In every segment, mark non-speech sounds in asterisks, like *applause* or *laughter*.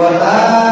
guardar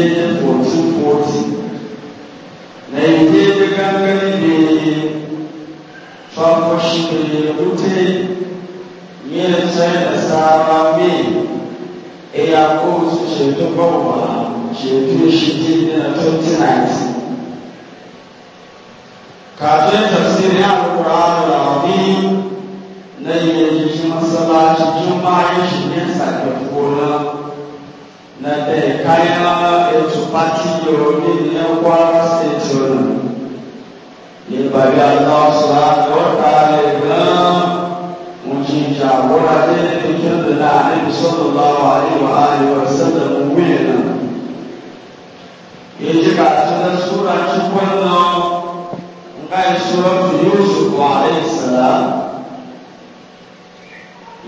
daidai for two forty na yi daidai gangare da yi fafashi da ya rute yin sai da saba mai iya ko su shaidu bawa shaidu shi na 2019 kafin tafsirin alkur'an al'adun na yi yanzu shi masalaci juma'a na de kaya etu pati yo ni ne kwa se tun ni bari allah subhanahu wa ta'ala ga mujin ja wala de tikin da nabi sallallahu alaihi wa alihi wa sallam wena yaji ka tana sura ci kwanna ngai sura yusuf wa alaihi salam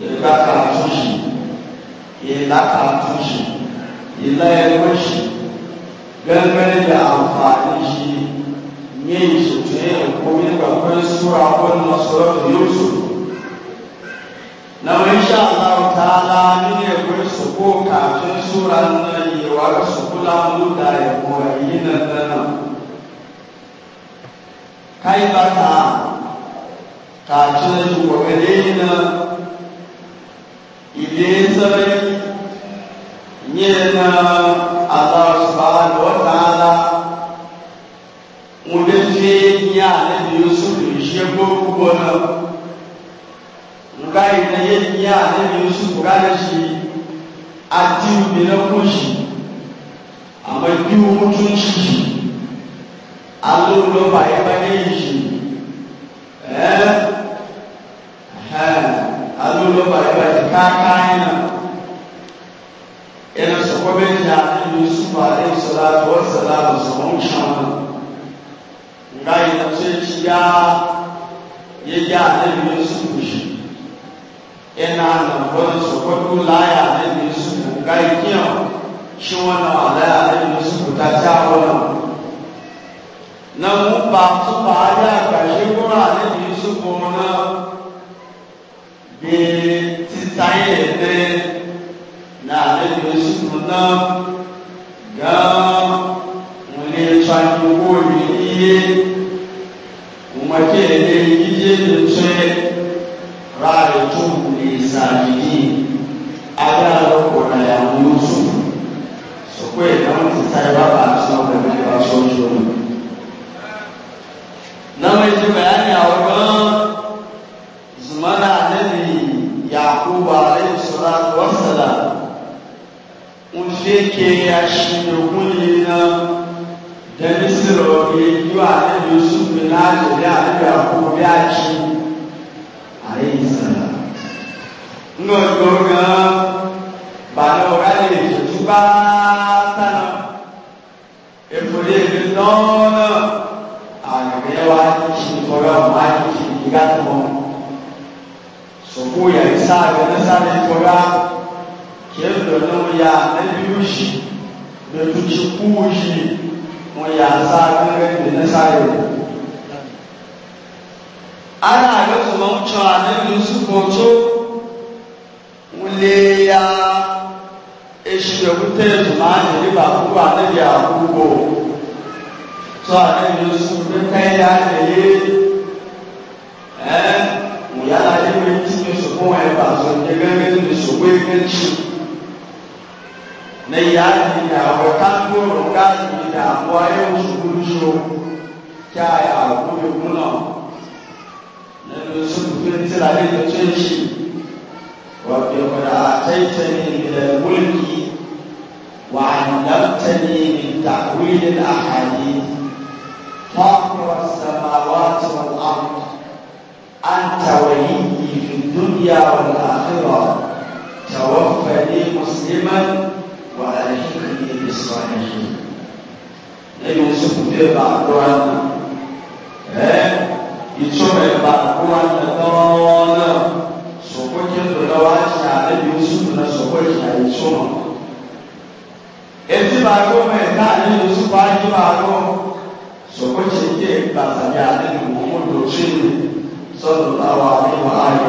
ya ka ka tushi ya ka tushi ila ya mashi gangan da amfani shi ne yi su ce ya koyi babban sura wani masarar yusuf na wani sha Allah ta'ala ni ne kun su ko kafin sura nan yi wa su kula mu da ya koyi nan nan kai ba ta nyina Allah subhanahu wa ta'ala wòle fi nyà níbi Yusuf ìṣe gbogbo na nga yìí náà yé nyà níbi Yusuf gánà sí àti ìbílẹ̀ na sí àmọ́ ìdí owó tún yana sakwabin da annabi yusuf alaihi salatu wassalamu saman shanu ga yi tafsirci ya ya yi annabi yusuf shi yana nan wani sakwabin laya annabi yusuf ga yi kiyan shi wannan alaya annabi yusuf ta ta wannan na mu ba su ba ya gashe kuma annabi yusuf na bi titaye ne palavra.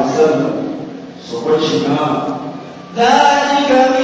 عليه وسلم سقط شمال ذلك من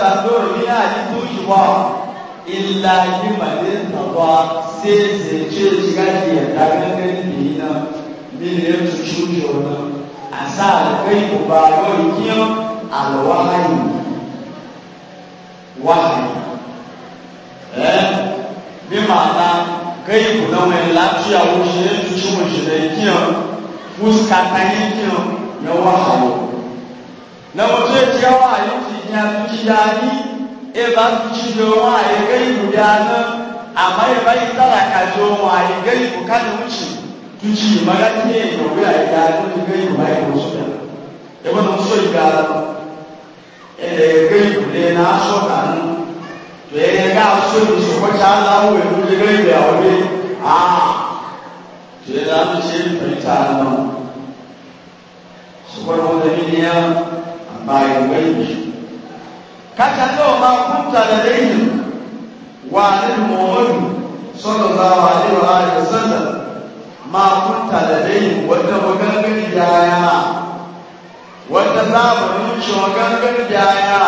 ta lóru ní àyíkú ìwà ìlà yìí màdé nàwa ṣéèṣe ṣéèṣe káàkiri ẹ̀dá gẹ́gẹ́ nìyí náà bí ní ètò ìṣújú ọ̀nà àṣà àgbẹ̀ ìbùbá lórí kíọ́ àlọ́wà ayé wà ẹ́ bí màá na kẹ́yìn kò náà wọ́n láti àwọn òṣèré tuntun òṣèré kíọ́ fúskàtà yìí kíọ́ yẹ wà àwọ̀ na mutum ya ce yawa a yanki ya zuci ya ni e ba su ci domin a yi gai guda nan amma ya bai tsara ka domin a yi gai buka da wuce tuci magana ne ga wuya ya zuci gai ba ya wasu da ya wani so yi gara ba inda ya gai guda na so ka nan to ya yi ga so yi su kwace an zamu ya zuci gai da wuri a to ya zamu ce fahimta nan su kwarwa da miliyan bayawaihi kata nawa ma kunta da laihi wa alil muhammadu sallallahu alaihi wa alihi wasallam ma kunta da laihi wanda magangani yaya wanda zamanin shi magangani yaya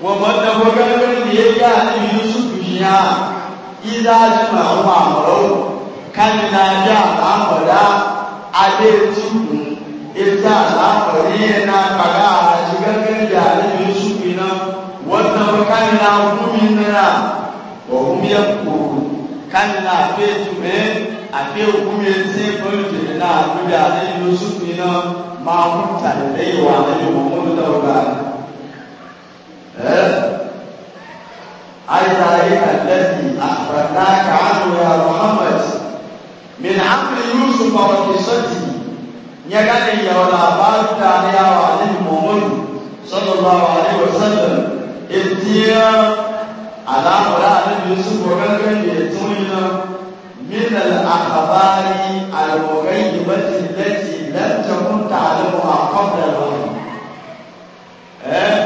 wa wanda magangani da ya yi alin yusuf ya ila jima wa amurau kan na ja amura a laifi ita al'amari yana faɗa a shigargar da alamin su ina wannan kan na hukumi nana wa hukumi eh? ya kuru kan na fe tume a fe hukumi sai farce na abu da alamin su ina ma hukunta da daiwa na yi mamman dauka أي ذلك الذي أخبرناك عنه يا محمد من عقل يوسف وقصته nyagade ya wala abata ya wa ni muhammadu sallallahu alaihi wasallam ibtiya ala wala ni yusuf wa kan ya tunina min al akhbari al mughayyibati allati lam takun ta'lamuha qabla al wahyi eh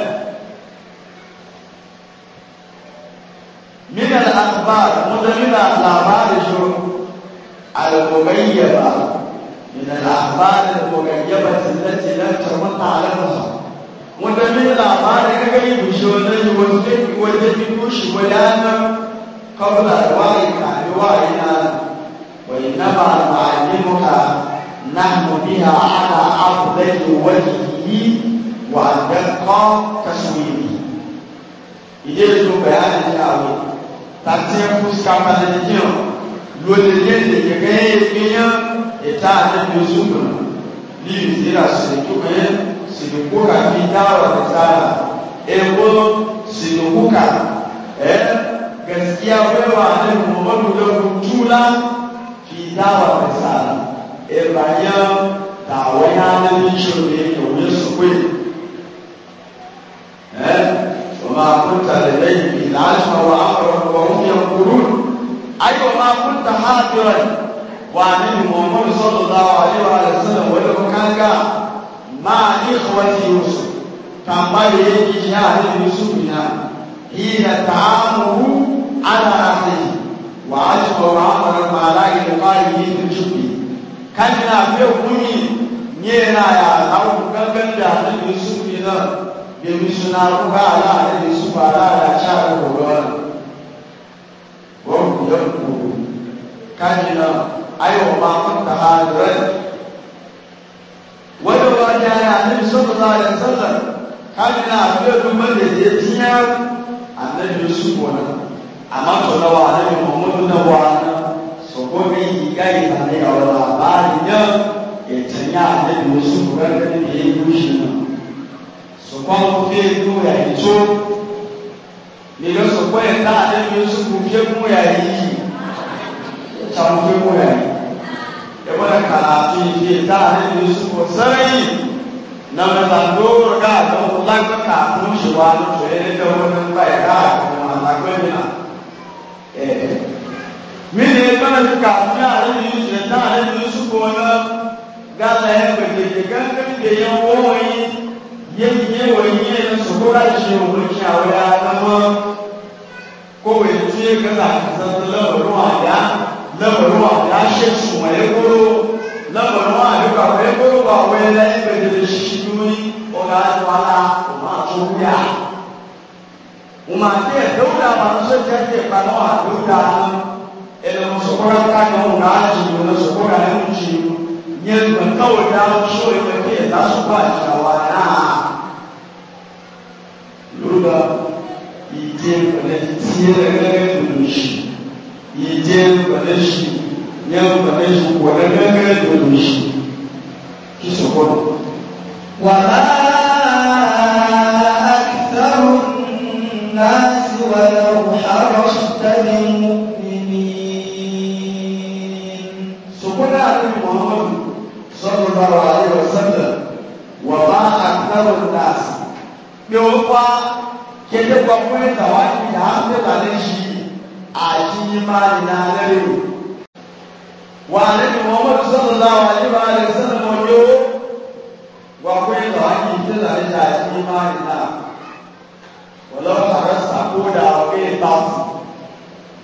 min al akhbar mudamina labari shuru al mughayyibati من الأخبار المغيبة التي لم تمت علمها wanda min labarin ka gani bishiyar yi wanda wanda bi kushi gudanar kawla wayi ka bi wayi na wa inna ma ma'alimuka nahnu biha ala afdali wajhihi wa daqqa taswiri ide to bayanin ya abu ta ce fuska malin jiyo lónìí lẹ́nu gẹ́gẹ́ ìpínyàn ìta àti ìdòsúnmọ̀ ní ìdíra ṣètùmẹ́ ṣètùkúkà fi dáwà ìtara epo ṣètùkúkà ẹ gẹ̀sìkíà wẹ́wà ní mọ̀mọ́dù lọ́dún túlá fi dáwà ìtara ìbànyà tàwọn yá ní ìṣòro ìyọ̀wé sùpé ẹ wọ́n máa kó tàlẹ́ lẹ́yìn ìlànà àwọn akọ̀rọ̀ ọ̀hún yẹn kúrú ayiwa ma kunta hadiran wa nabi muhammad sallallahu alaihi wa sallam wani kanga ma ikhwati yusuf tambaye yake ya hadi yusuf ya hina ta'amuhu ala rasihi wa ajba wa amara ma la yuqali min jubbi kana be kuni nyera ya au gangan da hadi yusuf ina be misuna ku ga ala hadi yusuf ala ya cha ko وهم يركضون كاننا أيوة ما كنت هاجرا ولو رجع النبي صلى الله عليه وسلم كاننا أبيض من الذين النبي يوسف àmọ́ tọ̀dọ̀ wa lẹ́nu mọ̀mọ́dún náà wà ná sọ̀kọ́ bí ìgbà ìtàlẹ̀ ọ̀rọ̀ àbáyé náà ìtẹ̀yà lẹ́nu oṣù rẹ̀ lẹ́nu ìlú ìṣúná sọ̀kọ́ fún fún ètò ẹ̀ tó. lèyọ sọpọ a lẹnu yẹn sọpọ fíẹ mú yà yìí sàmú fíẹ mú yà yìí ẹ bọ́dà kàlà fi fíẹ tá a lẹnu yẹn sọpọ sẹ́yìn nàmẹ́ta lóòrò ká àtọ́wò lágbẹ́ ká fún ìṣòwò àlùtò yẹn ní ẹ̀wọ̀n ní nípa ẹ̀ ká àwọn àlágbẹ́ mi nà ẹ̀ mí a lẹnu yẹn sọpọ náà gàlẹ́ ẹ̀ pẹ̀lẹ́pẹ̀ ko ka ce mulki a wuri a zama kowai ce ka za ka zama lamarin wada lamarin wada shi su waye koro lamarin wada ba waye koro ba waye na yi bai da shi duni o ka ji wala o ma to wuya o ma ce dauda ba su ce ce ba na wa dauda ẹnì mọ̀sọ̀kọ́ra ká ní ọ̀hún náà jì ní mọ̀sọ̀kọ́ra ní ọ̀hún jì ní ẹnì mọ̀káwọ̀ dáhùn sóyè pẹ̀lú ẹ̀dá sọ́kọ́ àjàwá náà lóba ìdí ẹgbẹ̀lẹ́ tí ẹgbẹ̀lẹ́ tó lò sí ìdí ẹgbẹ̀lẹ́ sí ní ẹgbẹ̀lẹ́ sí wọlé ẹgbẹ̀lẹ́ tó lò sí kí sọ̀kọ́ wàhálà akitaro náà sí wàhálà òhàrọ̀ sítẹ́lẹ̀ mú. صلى الله عليه وسلم وما أكثر الناس yóò wá kéde gbọ́ fún ìta wá ìyá ń tẹ̀lé lẹ́yìn àyíní máa ní alẹ́ rẹ̀ o. wà á lẹ́nu wọn mọ̀ sọ́dọ̀ láwọn àyíká rẹ̀ sọ́dọ̀ wọn yóò wà fún ìta wá kì í tẹ̀lé lẹ́yìn àyíní máa ní náà. wọ́n lọ́wọ́ sàrẹ́ sàkóda ọ̀gbẹ́ ìta sí.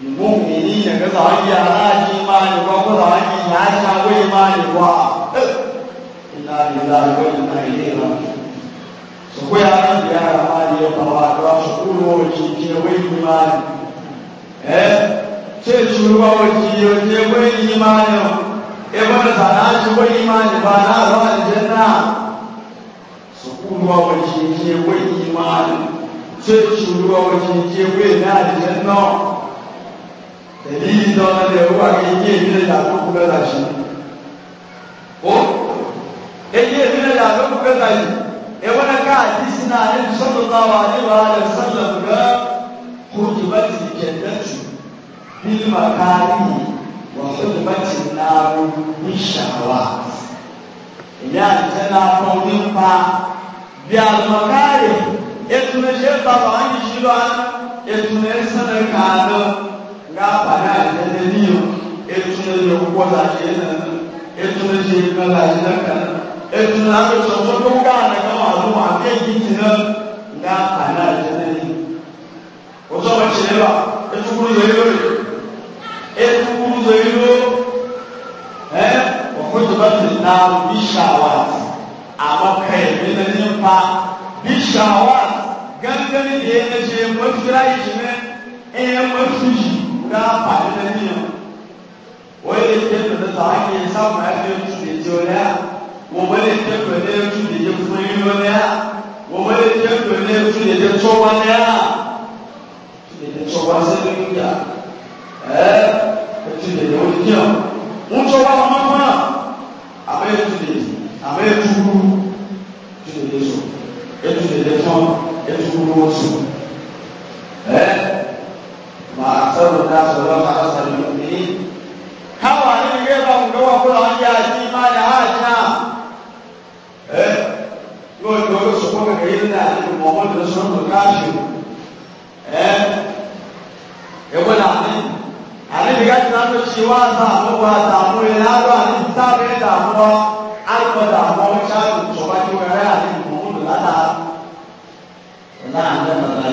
ìmú mi ní ìyẹ̀kẹ́ sàwọn yìí aláàjì máa ní wọ́n kó sàwọn yìí yàrá ìyàwó yìí máa ní wá. ìlànà ìlànà ìlànà ìlànà sokwe ziara mali ya pawato ashukuru ojiye wenyi mali eh chechuruwa ojiye ojiye wenyi mali ebana eh, zanaji wenyi mali bana abana jenna sokuruwa ojiye wenyi mali chechuruwa ojiye wenyi jenna dalili dɔn lɛ wa kɛ iye mi lɛ la ko oh? kubɛ si o iye mi lɛ la ko kubɛ si e wani ka hadisi na annabi sallallahu alaihi wa alihi wasallam ga hujubati jannatu bil makari wa hujubati naru bi shahawat ya tana fawin fa bi al makari etu ne she ba ba an shi ba etu ne sanar ka do ga fara da ne niyo etu ne yo ko e da ke nan etu ne je ka da nan ètò láti sọ̀tọ́ tó ń gáàrẹ̀ kan wà ló èyí ti náà nga àná ìjẹ́lẹ̀ ní. ó sọ̀rọ̀ ṣe é wà ètò kúrú yẹ lórí ètò kúrú yẹ ló ẹ òkú ìjọba ti na bí ṣàwàtì àwọn nípa bí ṣàwàtì gángan ṣe mọ́tìrá yìí ṣe mẹ́ ẹ̀yẹ mọ́tìrì yìí wọ́n yẹ kí ètò tó sọ àwọn ẹgbẹ́ òtún ìjọ rẹ̀ á wọ́n lè jẹ́ pẹ̀lú ẹjú lè jẹ́ fún yín lọ́lẹ́ à wọ́n lè jẹ́ pẹ̀lú ẹjú lè jẹ́ tọ́ wá lẹ́ à lè jẹ́ tọ́ wá sí ẹni gbà ẹ́ ẹtú lè jẹ́ wọ́n yàn ń tọ́ wá wọn fún yàn àmọ́ ẹtú lè àmọ́ ka yi da ake muhammad da sun da kashi eh ya gwada a ne daga ta ta cewa za a mawa damu ya na ba a ne ta ne damuwa an ba damuwa wani shafi tsoba ki wani ya ne muhammad da ta na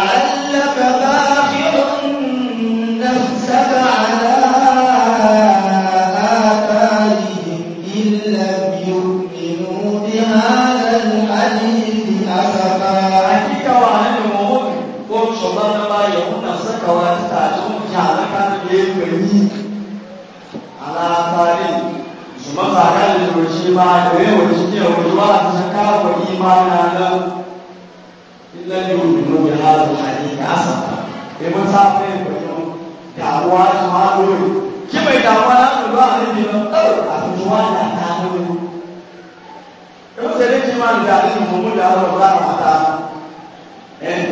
an da imani wewe unishikia uliwaza shakara kwa imani alam illa yu'minu bi hadha al-hadith asaba ebo sape ko dawa malu kibai dawa na ko ba ni ni a tuwa na ta ni ko sele ki man da ni mu mu da ro ba ma ta eh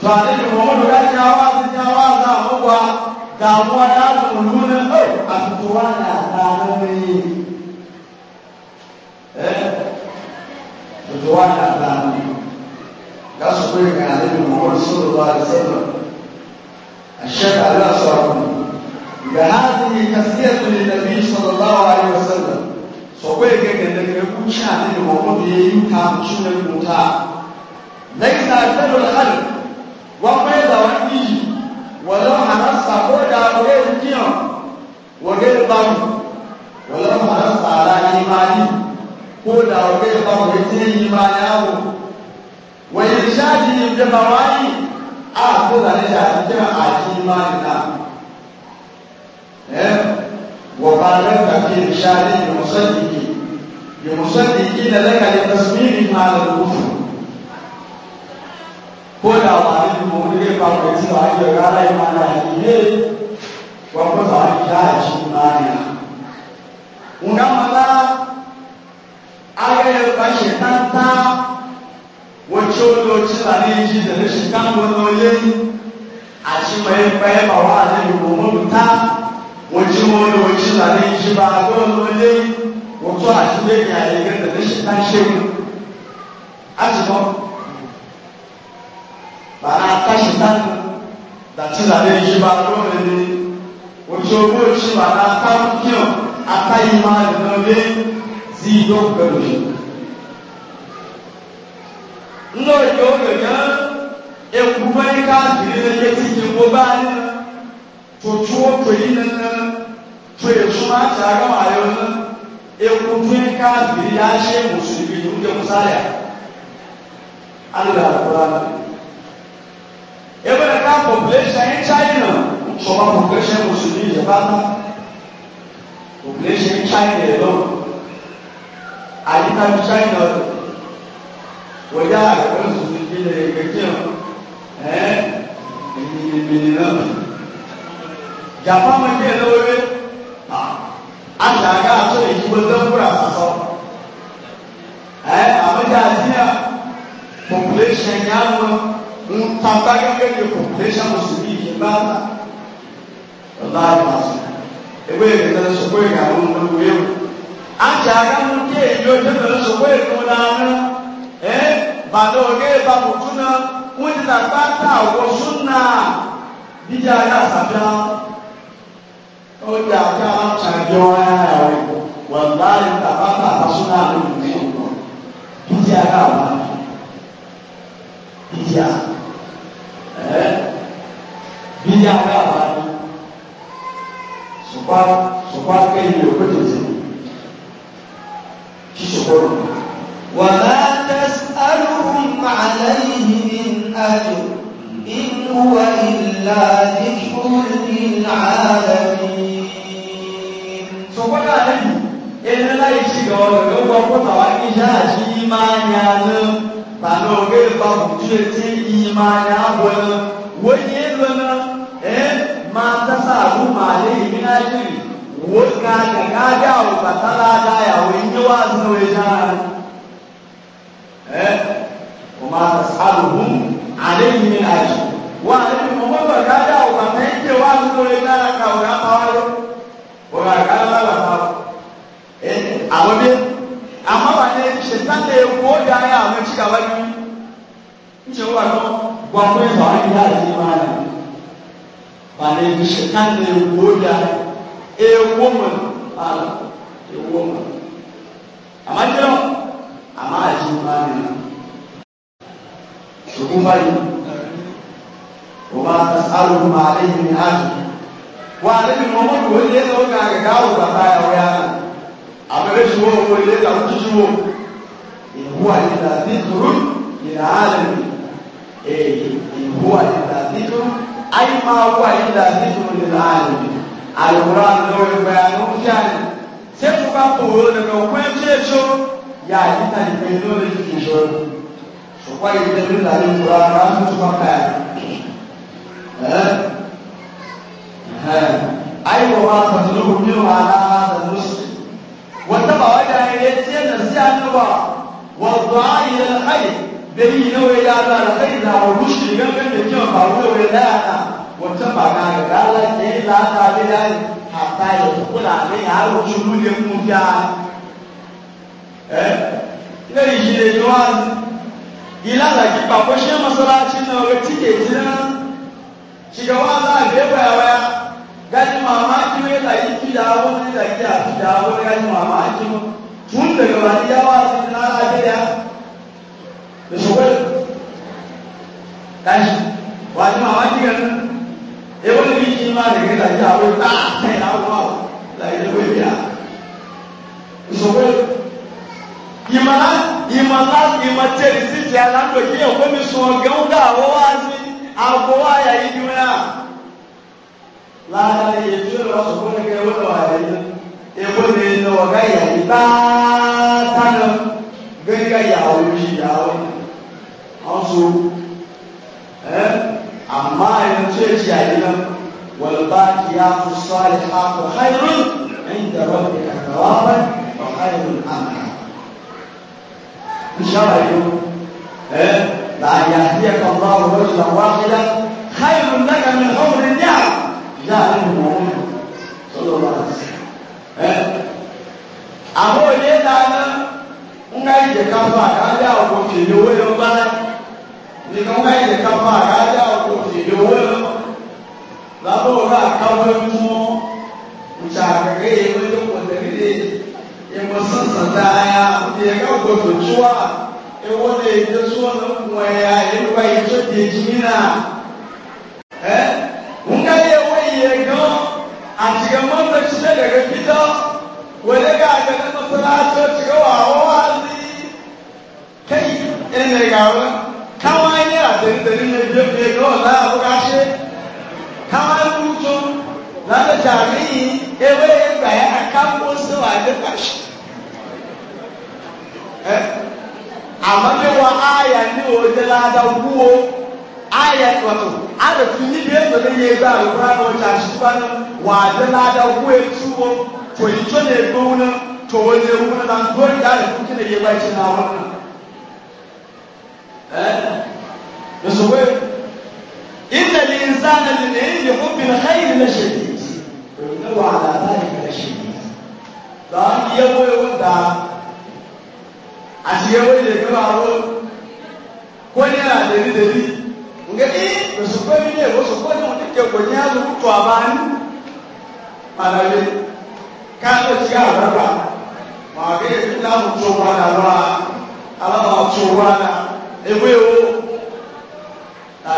to ani ni mu mu da ni awa ni awa za mu kwa dawa na ko lu ne a tuwa na ta ni òjò wà ní àtàlù lásìkò ìrìn àlejò mọ́wọ́n sọ̀rọ̀ wà lẹ́sẹ̀rọ̀ àṣẹ àlọ́ sọ̀rọ̀ ìgbà náà ti ní kásíyà tó lè dàbí sọ̀rọ̀ báwa ayé sọ̀rọ̀ sọ̀kọ́ èké kẹ̀kẹ́ kú sí àlejò mọ́wọ́n bí yẹn yú ká tún lè mú ká lẹ́yìn náà tẹ́lọ̀ lálẹ́ wọ́n fẹ́ gbà wọ́n yìí wọ́n lọ́ àná sàkóda ọ̀gẹ́ ìdíyàn ko da wani ba wani tiyan yi ba yawo wani shaji yi da ba wani a ko da na eh, shaji kira a ki ma ni na wa ba nan ka ke shaji yi musaddiki yi musaddiki da daga da tasmiri ma da rufu ko da wani yi ba wani ne ba wani tiyan ba yi da gara yi ma na hakike wa ko da wani shaji ma ni na. Unga mala aga ya ba shi tanta wacce wani zane ji da rashin kan wani a ci mai kwaye ba wa ne goma ta wacce wani wacce zane ji ba a gona wani wato a ci mai yayi gan da rashin kan shehu a ci ba ba na tashi tan da ci zane ji ba a gona wani wacce wani wacce ba na kan kiyon a ta yi ma da wani zii yóò gbẹrù yìí ńlọ yóò yọnyá eku fún ká bìrì náà yẹ ti yẹn wọ báyìí náà tutu otu yìí nana tu èso máa ti àgbà wà yọ náà eku fún ká bìrì yà ṣe mùsùlùmí ló ń jẹ musáyà alùpùpù àkùrà náà ebe ká population in china sọ ma population mùsùlùmí yẹ bá náà population china yẹ lọ́wọ́ àyíká ní china lò wọ́n yá àgbẹ̀rún tuntun jí lè gbẹ̀jẹ̀ ọ̀ ẹ́ ènìyàn náà jàpá máa ń jẹ́ lóore àtàgà àtọ́ ìdíwọ́ lọ́kùnrin àtọ́ ẹ́ àmọ́jà àdíyà population yà lọ ń ta bá gẹ́gẹ́ bí population mùsùlùmí yìí bá ta ọ̀la àgbà ẹgbẹ́ ìgbésẹ̀ sọ́kọ́ ìgbà wọn ló wéwò àti àgánú kí èyí ojú mẹ́rin sọ̀kọ́ èkó dáná ẹ́ bàtà ọ̀gá ẹ̀bà bùtú náà wọ́n ti là bá tà ọ̀wọ́ súnà dídí ayé àsàbíà ó di àti àwọn àjọ ara rẹ̀ wọ́n bá yẹ tàbá tà àbásúnà lónìí ní ọ̀gbọ́n dídí ayé àwọn dídí à ẹ́ dídí ayé àwọn sọ̀kọ́ sọ̀kọ́ akẹ́yìn òkú tètè. شكر وما تسألهم عليه من أجر إن هو إلا ذكر للعالمين سبحان الله إن لا يشكر لو قطع إجاز إيمان يعلم tàbí ọ̀gá ìfà òjú etí ìmọ̀ àyà wọ̀nyí wọ́n yé lọ́nà ẹ̀ máa tẹ́sà àbúmọ̀ àlẹ́ ìmí náà yìí woka gagaga ukatalaga yawenyewazi wejana wama tasaluhum alayhi min ajr wa alayhi mumama gagaga ukamenje wazi wejana kaurama wayo wakakala la hapo awobe ama wane shetani ekuoga ya amechika wani nje wano gwamweza wani yazi imani wane shetani ekuoga a woman Allah a woman àmọ́ jẹ́ ọ́ àmọ́ àti máa ń rìn ṣùgbọ́n báyìí wọ́n máa ta sáré máa lé ní àjò wọ́n á lébi mọ́ mọ́tò wọ́n lé lọ́wọ́ kan àgàgà àwọn bàbá yà wọ́n yà rẹ̀ àbẹ̀rẹ̀ ṣùgbọ́n wọ́n wọ́n lé làwọn jíjú wọ́n ìhú àyíká dídúró ìlà àlẹ́ ìhú àyíká dídúró àyíká wọ́n àyíká dídúró ìlà àlẹ́ alùpùpù lórí ìgbà àlùfíà ni ṣé kò bá kò wọ́n lè lọ pé ṣé ṣó yà á yíta ìgbẹ́ lórí ìṣòro ṣùgbọ́n ìgbẹ́ lórí ìlànà ìgbà ara ń tún wá ká ayiwa wa sasulu ni wa ala sasulu wata ba wajen ya ce na siya nuba wa zuwa ila alkhair bai yi nawa ya da alkhair na wa rushe gangan da kyau ba wurin da ya na wata baka da Allah ke yi lata da yayi hatta ya kula ne ya haro shuru ne mu ya eh ina yi shi ne yawa ila da ki ba ko shi masallaci na ga tike jira shiga wa za a ga baya waya gani mama ki ne da yi ki da wani da ki a da wani gani mama ki mu tun daga wani yawa sai na lafiya da shi wani kashi wani ewu ni bi ti ma lege la yi awo ta ne la wo awo la yi lewe bia nsogbe imala imala imatɛri sisi ala ŋdɔ yi yɛ komi sɔn gɛn ka awo wa si awo wa ya yi dun ya laada yi etu yɛ lɔ sɔgbɔ ne kɛ ewu lɔ ayi na ewu ne lɔ ka ya yi taa ta lɔ gɛn ka ya awo yi ya awo na ɔn so ɛɛ amma yanzu ce a gidan walbaki ya fi sali haku hairun inda rabbi ka tawaban ba hairun amma insha Allah eh la yahdiyaka Allah rajulan wahidan khairun laka min umri ni'am ya ayyuhal mu'min sallallahu alaihi wasallam eh aho le dana ngai je ka ba ka ya ko ke le wo yo bana 你刚开始干嘛？大家要过去留问，然后那高温中，你下个月因为我这里，因为是实在呀，别个我不说，因为我这就说能我呀，因为一说点金呐，哎，我感觉我也跟俺这个梦的是那个比较，我那个跟那个是他说这个娃娃的，嘿，那个。How tẹ̀lítẹ̀lí ní ẹgbẹ́ mi ẹgbẹ́ ọ̀la àbúrò aṣẹ́ káwọn ẹkú tó lábẹ́jà níyìn ewé ẹgbà yẹn akáwọ́ sẹ́wà ẹgbẹ́ pàṣẹ. ẹ àmọ́lẹ́wọ̀ ayà ní òde láda wúwo ayà tọ̀tọ̀ àdàtú níbi ẹgbẹ́ mi yẹ ẹgbẹ́ àlùkò àná ọjà àṣìṣúbá náà wà á dé láda wúwo ètú wọn tòyí tó lè gbóhùn náà tòwó lè wúwo náà gbóhùn dáàlì fún kí lọ́sọ̀wé ilẹ̀ ní ìsáná ní ní ilẹ̀ fúnbìnà káyìí lẹ́sẹ̀ ní òun wà àdáta ìgbẹ̀lẹ́sẹ̀ ní lọ́wọ́n ti yẹ́wó ewu dá àti yẹ́wó ilẹ̀ kí wọ́n arọ́ kó ní nge i lọ́sọ̀wé mi ní èwo sọ̀kọ́ ní òun kíkẹ́ kò ní àlùkù tó àbáyé màdàlẹ́ káàtó ti ká àbábà màá gé èmi láwùjọ wọn àlọ́ àlọ́ àtúwọ́ àlọ́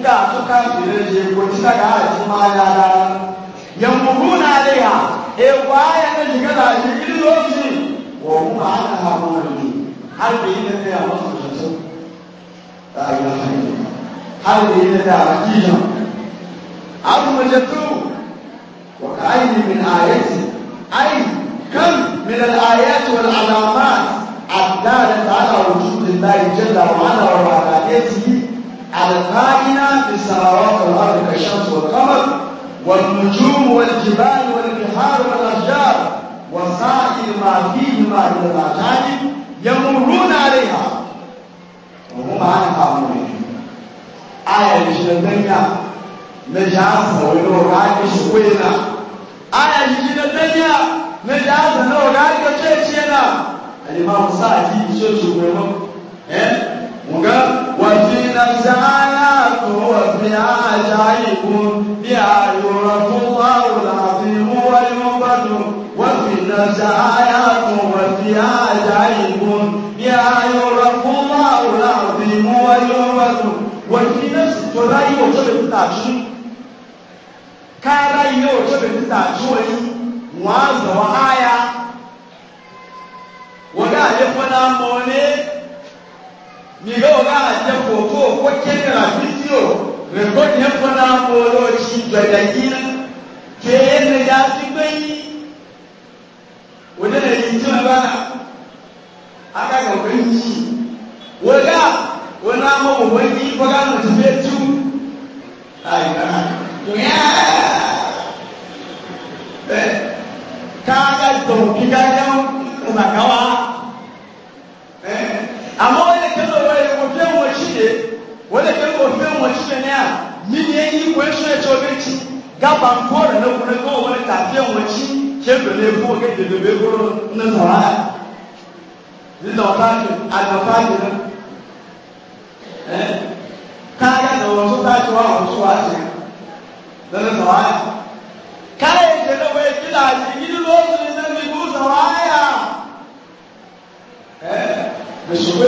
nga suka bireje ko tisa ga aji ma ya da yankuhuna alaiha e wa ya na jiga da shi ilozi wa huma ana hamuni har da yi ne ya masu shansu da ya hanyar har da yi ne da akija abu majatu wa ka aini min ayati ai kan min al-ayat wal alamat الدالة على وجود الله جل وعلا وعلى يده القائنة في السماوات والأرض كالشمس والقمر والنجوم والجبال والبحار والأشجار وسائر ما فيهما من الأعجاب يمرون عليها وهم عنها معرضون آية جنبنا نجاز ولو رأي شوينا آية جنبنا نجاز لو راكش وينا الإمام سعدي شو وينا إيه nga wàfi na sáyà tó wàfi àjà ìkún bí àyòrò fún wàhùn àti wọ́n mú gbàdùn wàfi na sáyà tó wàfi àjà ìkún bí àyòrò fún wàhùn àti wọ́n mú gbàdùn wàfi na tó láyé òtó lè tà tú yìí òtó lè tà tú ẹni wọ́n á zọ̀ áyà wọ́n yẹ fọ́nà mọ́ migao ga je ko ko ko ke na video re ko ne ko na mo lo shi da da yin ke ne ya ti pe wo ne ne yin ba na aka ko ko yi wo ga wo mo mo wo yi ko ga mo ti be tu ai na to ya eh ka ga to ki ga ga mo na ka wa wɔtwi e bɛ ne a mini eyi kɔ esu ɛkyɛ ɔbɛ kyi gaba nkɔɔre ne kɔ ne eh? kɔ wɔn ne tafe wɔkyi kyɛ bɛ ne bɔ ɔkɛ dede bɛ koro ne nɔra ne na ɔba adi adɔba adi no ɛ kaaya na wɔn so taakye wa wɔn so adi ne ne nɔra kaaya kyɛ ne wɔ ekyi na adi yi ni lɔɔri ne eh? ne ne bu nɔra ya ɛ mesopo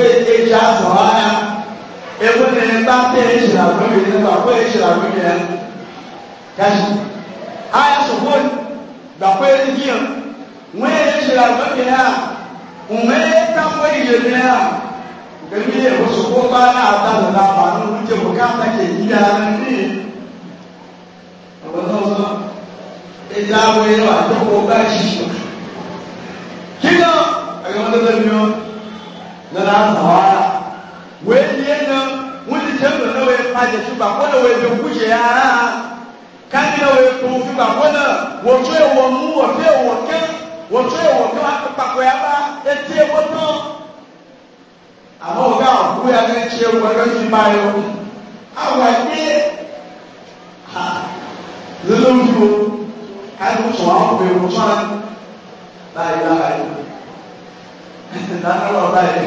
ewu ne ba te ehyir agome ne baako ehyir agome ya kasi aya sopon baako ehyir ya wọn ehyir agome ya wọn etambo ehyir ya ebi yɛ wosoko baa na ata ne na ba no wogye mo kata kye yi ya ne ne ɔwɔ sɔsɔ ɛdi awo yɛ wa to ko ba yi kí ló ɛyɛ wọn tẹ́tẹ́ mi o nana ta wa weenye na wuli jemlo na wee kpaje tu ba kona wee be kuje yara kandi na wee kofi ba kona wotu ewo mu wotu ewo ke wotu ewo ke wa kpakpo ya ba eti ewo no àmọ́ ọ̀gá òkú ya ní ẹ̀kí ewu ẹ̀rọ ti máa yọ àwọn ẹ̀kí ha lólóńdúró káyọ̀ tó àwọn ọmọ ewu tó àwọn báyìí báyìí dáná lọ báyìí.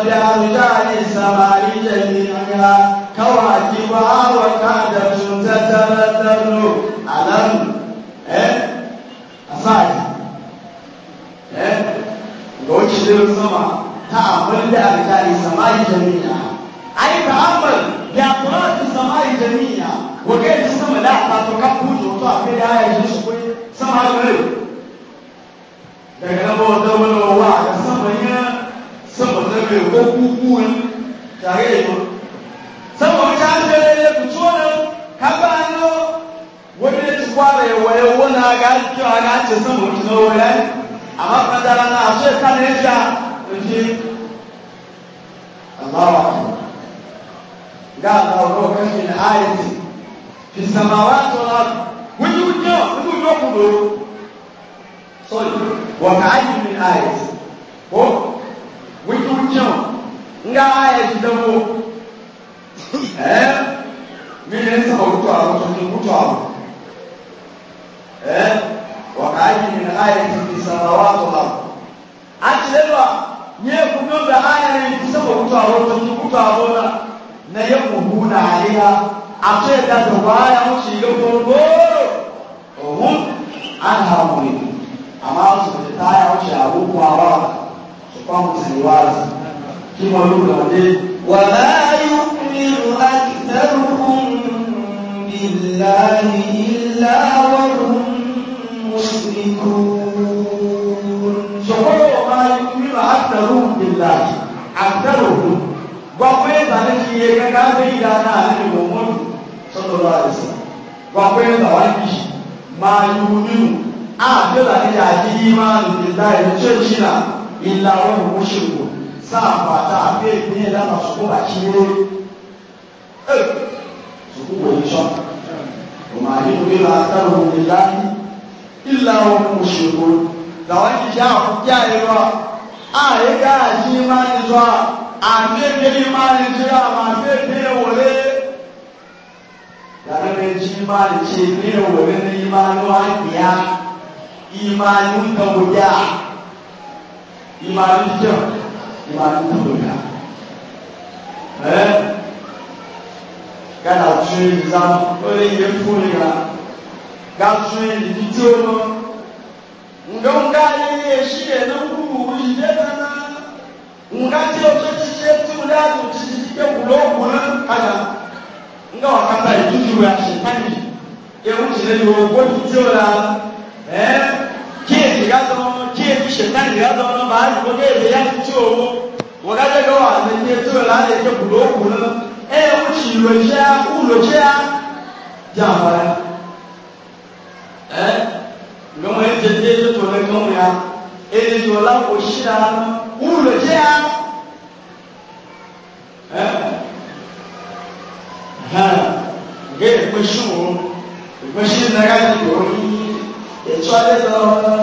ne shi ma da ce ne wani na imanu haƙiya imanun ta wuya eh kana tun yi zama wani yi funi ga ga tun yi fito no nga nga ye shi ne na kuru yi nga wakata ijuju ya shetani yekuchile yogotijola eh kiesi gazono kiesi shetani gazono baali kogeze yakicowo wakajega wazenye tola aleke bulokula ewuchilweja uloja jambala eh ngomwejejeje tolekomuya elizola oshilano uloja eh Ha ekpeshi wụ ekpeshi nnaga gị bụ onye ịtụ adịghị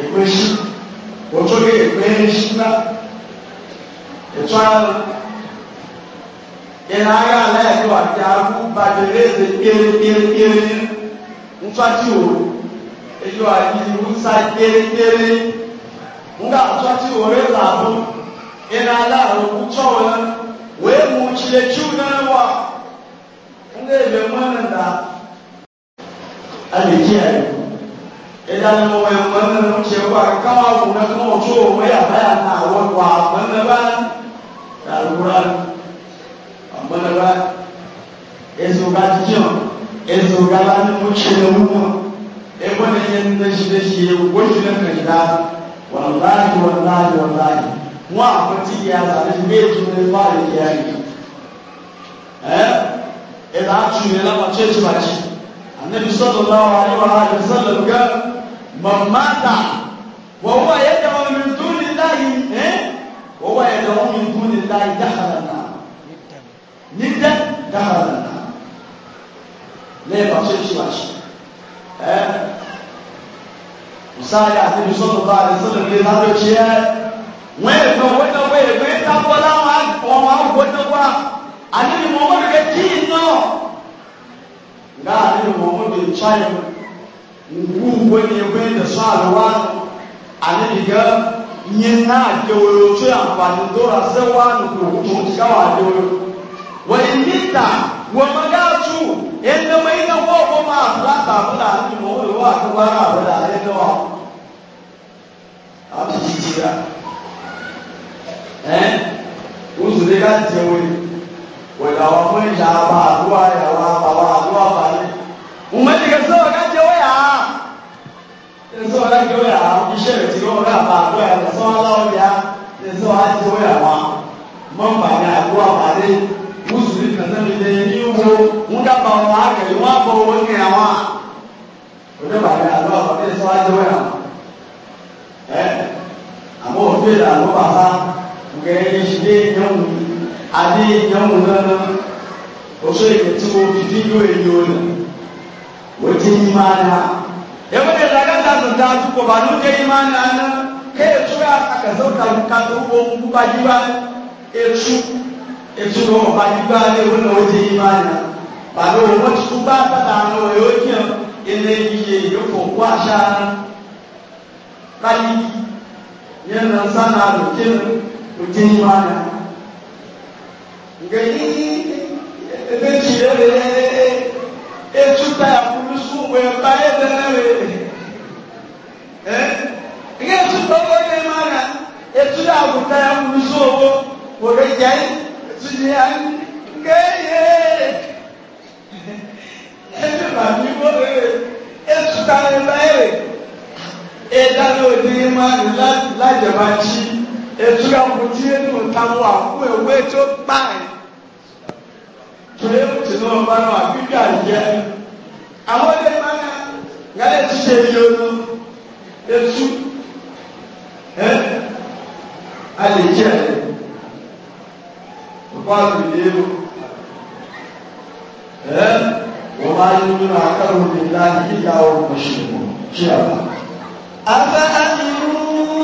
ekpeshi gị na ịtụ ahụ ị na-aga ala edo adị ahụ banyere eze kere kere kere ntụatị wụrụ edo adị nsa kere kere nga atụatị wụrụ ịla abụ ị na-ala wee mụ chile na nga ebe mwana da alikia yi eda ne mo wɛ mwana no kyɛ a kama wo na kama wo tso wo yɛ ba na awɔ kɔ a mwana ba alukura a mwana ba ezo ba dikyɛ o ezo ba la e ne mo kyɛ ne wo mo ebo ne yɛ ne si ne si yɛ da walayi walayi walayi wọn a ko ti yɛ a la ne bɛ tu ne ba yɛ yɛ eh? ɛɛ. إذا عطشوا إلى ما تشيش باتش النبي صلى الله عليه وآله وسلم قال من مات وهو يدعو من دون الله إيه؟ وهو يدعو من دون الله دخل النار نبدا دخل النار ليه ما تشيش باتش إيه؟ misali àti bisọ́nù bá àdìsọ́nù lè lábẹ́ tí ẹ wọ́n èèyàn wọ́n náà wọ́n èèyàn wọ́n tábọ́ láwọn àwọn àgbọ̀dọ̀ wa àdínní wọn wọ́n lè dino ga abin muhammadu china ngungo ne bai da su alawa a na diga nye na adewoyo tó àǹfààní dóra sẹ́wà nùkú tó ń ṣiṣẹ́ wà adewoyo wọ́n yìí níta wọ́n máa dá tu ẹni wọ́n yìí náà wọ́n wọ́n máa láta àbúrò àti mọ̀ wọ́n wọ́n àti wọ́n àbúrò àti ẹni wọ́n àbí yìí yìí rà ẹ́ wọ́n sọ de ká jẹ́ wọ́n yìí wẹ̀dà wọn fún ìyá bá àdúrà ìyàwó àbàwọ̀ àdúrà bàálẹ̀. Ǹwẹ́ ti kẹ́ sọ́wọ́ ká jẹ́ wẹ́yà á. Sọ́wọ́ ká jẹ́ wẹ́yà á. Iṣẹ́ rẹ̀ ti wọ́n rà bá àdúrà yẹn sọ́wọ́ láwọn yá. Sọ́wọ́ á jẹ́ wẹ́yà wá. Mọ́mbà ni àdúrà bàálẹ̀. Mùsùlùmí kàtà mi lè ní wo. Ń dábà wọn á kẹ̀lé wọn á bọ̀ owó ní àwọn. Òjò bàálẹ̀ àdúrà bàálẹ̀ sọ́wọ́ á jẹ́ wẹ́yà. Ẹ àmọ́ òfin ade nyamu nana oso yɛ ti wo didi yɛ oye yɛ ona wote imana ewone zakata zitatu ko vanote imana ana keetura akazautalukatu womukubajiwa etu etu nomubajiwa ewone wote imana bano womotikuba patano yonya eneyiye yofokwashana kaliki nyena sana lokena wote imana gani ebe tsi ɖe le etu ta ya kulu su wɔ ba na etu ta awu ta ya kulu su wɔ wɔ ɖe dza yi etu dzi ya ŋge ye ma la la dze ma tsi etu ya kuti enu ta tòlé kùtù náà bá wà gbígbà yẹ àwọn ọdẹ mmanà nga lè ti ṣe yìí ọdún etu ẹ alè jẹ ọkọ àgbègbè yìí ẹ wọ́n máa ń yún náà akárò nílá yíyá ọkọ̀ ṣe mọ̀ ṣé àbá. abẹ́ àmì rúurú.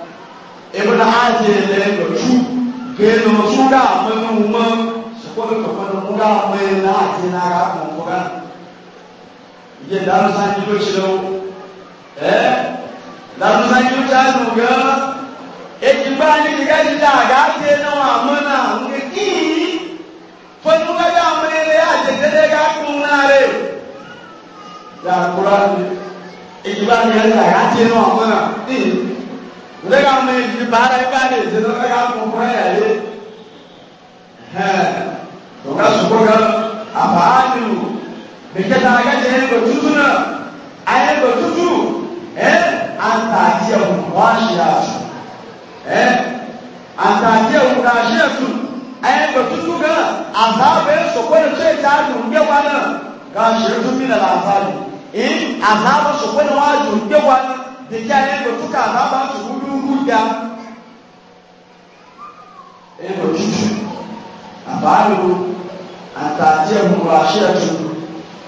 ebe na ha je le lɔtsu ke lɔtsu ɖe ame ne ŋu me sukɔ ɖe tɔƒe ne ŋu ɖe ame na ati na ka kpɔ ŋkɔ gã yie danusa nyi ɖo tsi ɖe wo ɛ eh? danusa nyi ɖo tsi ɖe wo gã edigbo anyi ɖeka yi ɖe ati na wo ame na ŋu ke kii ƒe nu ka ɖe ame ya tete ɖe ka kpɔ ŋu na ɖe ya kura edigbo anyi ɖe ati na wo ame na ee ndéka mo ìdí bàárà ibà lè dé ndéka mo kọ́ ẹ̀yà yé ọ̀gá sọ̀kọ́ kan àbáàlù bìkẹ́tà akẹ́kẹ́ ẹ̀kọ́ tútù náà ayẹ́kọ́ tútù ẹ̀ àtàkì ẹ̀kọ́ wá ṣe àṣù ẹ̀ àtàkì ẹ̀kọ́ kà ṣe ẹ̀tù ayẹ́kọ́ tútù kan àbáàbẹ̀ sọ̀kọ́ ẹ̀kọ́ ẹ̀kọ́ àdùn gbẹ́wà náà kà ṣe ẹ̀tù mí nà làbàlù ẹ̀ àbáàbẹ̀ sọ̀kọ́ ẹ̀kọ́ àdùn gbẹ́wà náà nìkí ayé gbòtúkà àbábá tùwú lúwú ga ẹnu òtútù àbáàlú àtàtì ẹ̀hùnwó àṣẹ́ẹ̀tù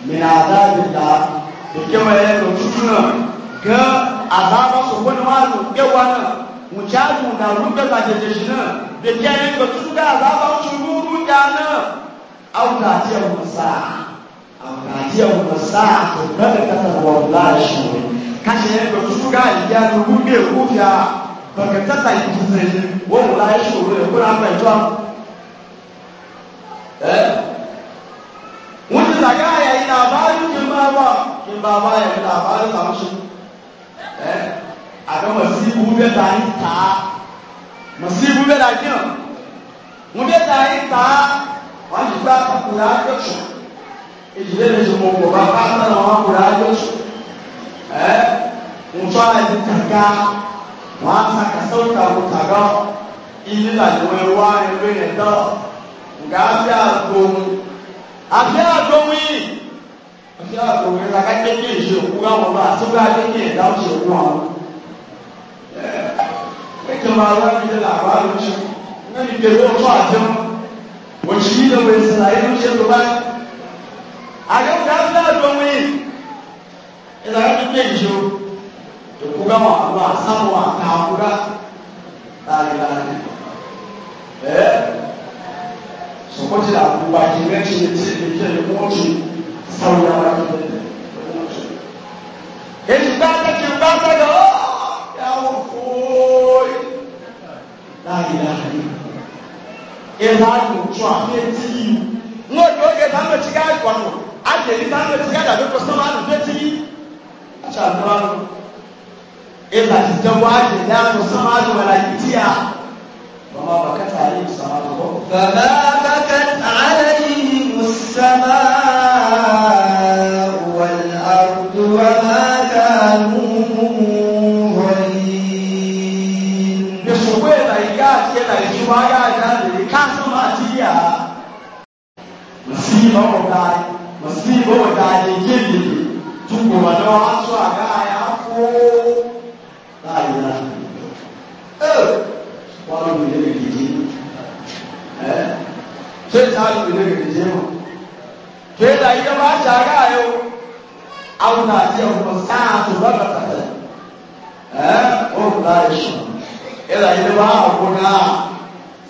mìíràn àdáàdìdá nìkí wọn ẹnu òtútù náà gan àbábá sọ̀gbọ́ ni wọ́n á lò gẹ́wà náà mùjáàlù ìdàrú gbẹ̀gbà jẹjẹjì náà nìkí ayé gbòtúkà àbábá tùwú lúwú ga náà àwọn àti ẹ̀hùn sáà àwọn àti ẹ̀hùn sáà tó bẹ́ẹ̀ kẹta wọ̀ láàṣù rẹ̀ kashe ya ga su ga ya da gube kufiya ba ka tata yi zai wo mu la shi wo ya kura ba to eh wani da ga ya yi labarin kin ba ba kin ba ba ya labarin samu shi eh a ga masibu da ta yi ta masibu da kin mu da ta yi ta wani ba ka kula da shi ejile ne mo ko ba ka na wa kula da shi mchwalaji eh? kaga wanza kasauka kutaga ili laliwe wane wene do nga afya agomu afya agomu yi afya agomu yi laka keke ishe okuga wọlọ atuga keke ẹda e ọsẹ ogun ọmọ eh? e keke ma lọ nílé làwọn alóòtú nga ní bèbè ọtọ àjẹm òtún yìí lọ wẹsẹ láyé lóṣèlú báyìí àjẹm ká afya agomu yi ila ya tupe njo to kuga wa wa samu wa ka kuga la ila ni eh so ko ti la ku ba ki ne ti ti ti ke ni ko ti samu ya wa ki ne e ti ba ta ki ba ta do ya wo ko la ila ni e la ni tu a ke ti ngo yo ke ta me ti ga kwa no a ke ni ta me ti ga da ko sama no ti ṣàkúránù ìlà títẹ́ wá jẹ̀dá lọ sọ́mọ́dù wàlá ìdíyà bàbá bàkátà ayé ìsàmàdù kọ́. bàbá bàkátà ayé ìsàmàdù wàlá àrùdùwà máa dànù rọ̀yìn. ìṣòwò ìlà ìyá àti ìlà ìṣúwá yá aga Tuko wanaoaswa gaya hapo. La ilaha Eh, wala mwenyewe kijini. Eh? Sasa hapo mwenyewe kijini. Kila hiyo maisha gayo au na hiyo kwa saa baba tata. Eh, oh la isha. Ila ile ba kuna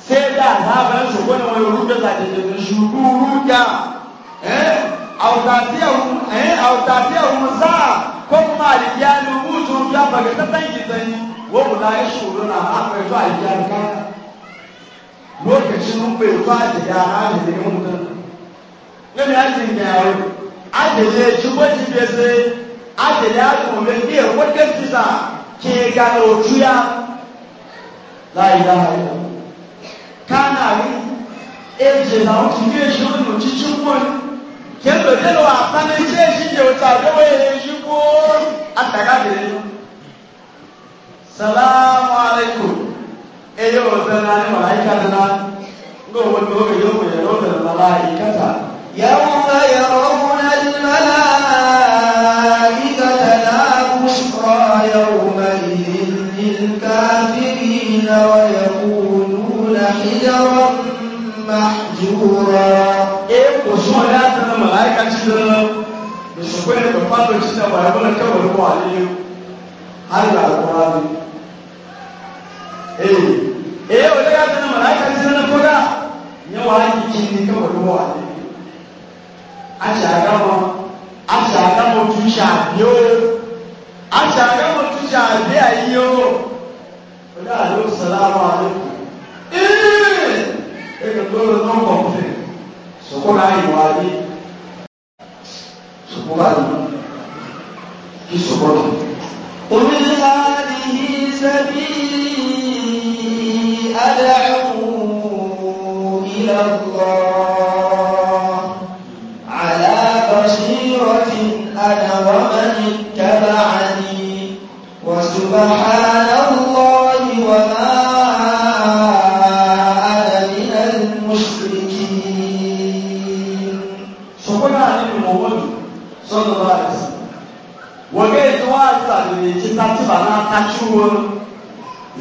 Seda hapa sokoni wa Yoruba za kushukuru ya. Eh? autatiya musa ko kuma alijiyani mutum ya baga ta tanki tsayi wa mu na yi shuru na akwai zuwa alijiyani kaya lokacin mun bai zuwa da yara da ne mutum ne mai ajin yaro ajiye jiboji bai sai ajiye ya kuma ne wadda kisa ke gano tuya la ilaha illallah kana ni eje na otu não shi wani cikin wani kendo lelo apana nje shinje utagowe yuko atakabiri salamu alaikum eyo zana ni malaika na ngo wodo yo mo yo zana malaika ta yawma yarawna al malaika la bushra yawma lil kafirin wa yaquluna hijran mahjura kòsùn ọ̀dẹ́ àtẹnà màláìka tí nínú lùsùnkún ẹni pẹ̀pá lọ sí ẹ̀wà ẹ̀wọ̀n ní kẹwàá lọ́wọ́ àlẹ́yẹ àlẹ́ àkọ́rá mi. Ee ee ọ̀dẹ́ àtẹnà màláìka tí nínú kọ́dà nyẹ wà á yìí kí ní kẹwàá lọ́wọ́ àlẹ́yẹ. Àṣà àgámọ̀ àṣà àgámọ̀ tún ṣe àbíó àṣà àgámọ̀ tún ṣe àbí àyíyó ọ̀dẹ́ àlẹ́ òṣèlú àwọn àlẹ́ kù. Ee ẹ̀kẹ́ tó soko na ayi wa ayi soko ba ayi ki soko na. قل هذه سبيلي أدعو إلى الله على بصيرة أنا ومن اتبعني وسبحان wọn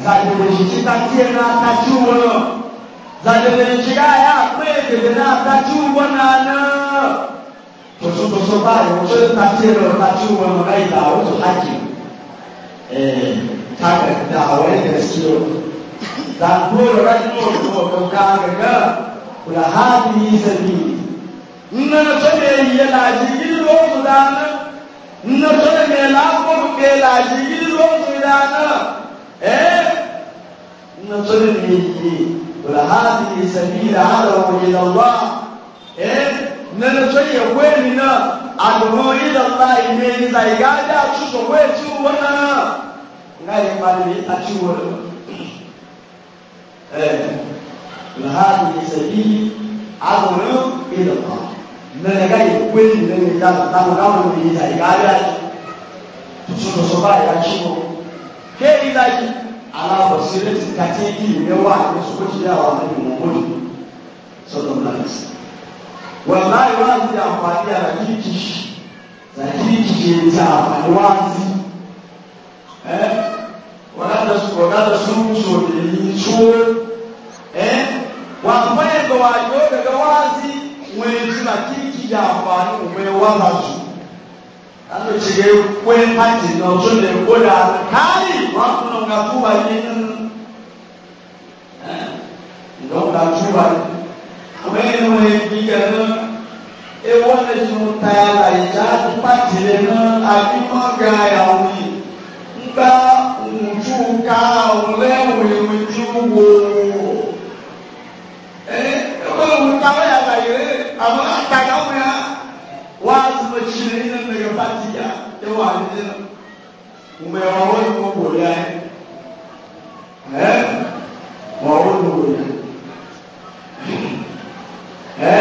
zàdìbẹ̀jì tàbí ta náà tàbí wọn náà zàdìbẹ̀jì káyà pé èdè náà tàbí wọn náà náà tòṣó tòṣó báyìí tó tàbí ẹ̀ ta tàbí wọn náà láyé ìlà àwọn tó lájì ẹ̀ káàkiri dá àwọn ẹ̀dẹ̀ sí o zàdìbẹ̀jì láti mú òṣùwọ̀n ọ̀gbọ̀n káàkiri náà kò là há ní í sẹ́yìn nínú tó lè yẹ làjì yìí lóòótọ́ dáná nínú tó lè yẹ làákọ́ دانا إيه نصرني لي قل هذه سبيل عدو إلى الله إيه ننصي ويننا عدو إلى الله من زيادة شو ويتو ونا غير ما نتشوه إيه قل هذه سبيل عدو إلى الله nana ka yi kwe nana ta ta ta ta ta ta ta ta ta ta ta ta ta ta ta ke ilahi ala basirati katiki ne wa ne su kuci ya wa ne muhammadu sallallahu alaihi wasallam wallahi wazi ya amfani da rakiki rakiki ke ta amfani wazi eh wadanda su wadanda su so da yi so eh wa kuma yadda wa yau daga wazi wani rakiki da amfani wani wazi kano cike kwen hati na otu da koda kai wakuna ka tuba yi nan don tu tuba yi kuma yi ne wani biga nan e wanda shi mun ta ya la yi ja ti pati le nan a bi ma ga ya wuli ngba ntu ka wule wuli wuju wo eh e wani wuta ya la yi re amma ta ló wà ní jẹ́ ọmọ ẹ̀rọ ọwọ́ ni mo wò yá ẹ ẹ ọwọ́ ni mo wò yá ẹ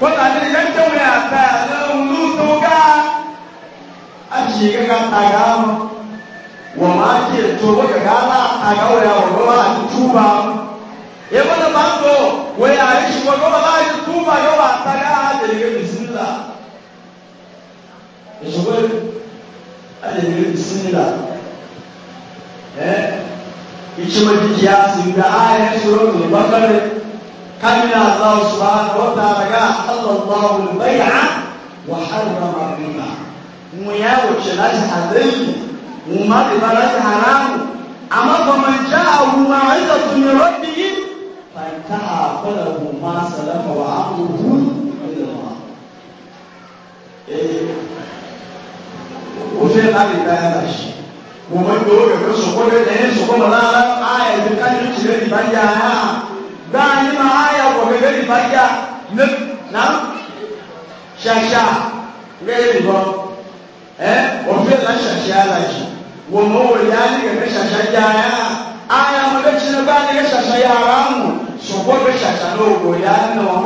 kọ́tà ní ẹ jẹ́ wọ́n yà fẹ́ ẹ ló tó ká a ti yẹ ká tàgá wọ́n máa ti ètò wọ́n kàkà á tàgá wọ́n yà wọ́n wọ́n àti túbà yẹ wọ́n lọ bá ń bọ̀ wọ́n yà ayé ṣùgbọ́n wọ́n bá yẹ túbà yọ wọ́n àtàgá á lè lè bisimilá. alẹ́gbẹ̀rẹ́ bisimila ẹ ìtsẹ̀mọ̀ didi asinda ayẹ sọ̀rọ̀ ní bàbáyé kábínà aláwọ̀ sọ̀rọ̀ àtọ̀tà àgá alọ̀gbọ̀n bẹ́yà wà hàrùmà màmúlà ŋùnyà wò tsẹ̀ láti àdéhùn ŋùmá ti bá láti haramu àmà bàmàjà àwùmá ayélujára tó ní rọ́bì yìí fàtà àfẹ́lẹ̀ ŋùmá sẹlẹ̀ fọwọ́ àkókò wúlò ẹ̀ òfin láti dá yàrá yìí mo mọ ìgbé òwe pé sòkòlè lẹ́yìn sòkòlè lára ayé ti kájú ti lè dìbà yá ha dáhìí ma ayé wọ̀ mi lè dìbà yá ne na ṣàṣà lẹ́yìn nìbọn ẹ òfin láti ṣàṣà yàrá yìí mo mọ òwe yá ni kẹ̀kẹ́ ṣàṣà yá ha ayé mo lè ti ní bá ní kẹ́ ṣàṣà yàrá mu sòkòlè ṣàṣà ní òwò yá ni wọn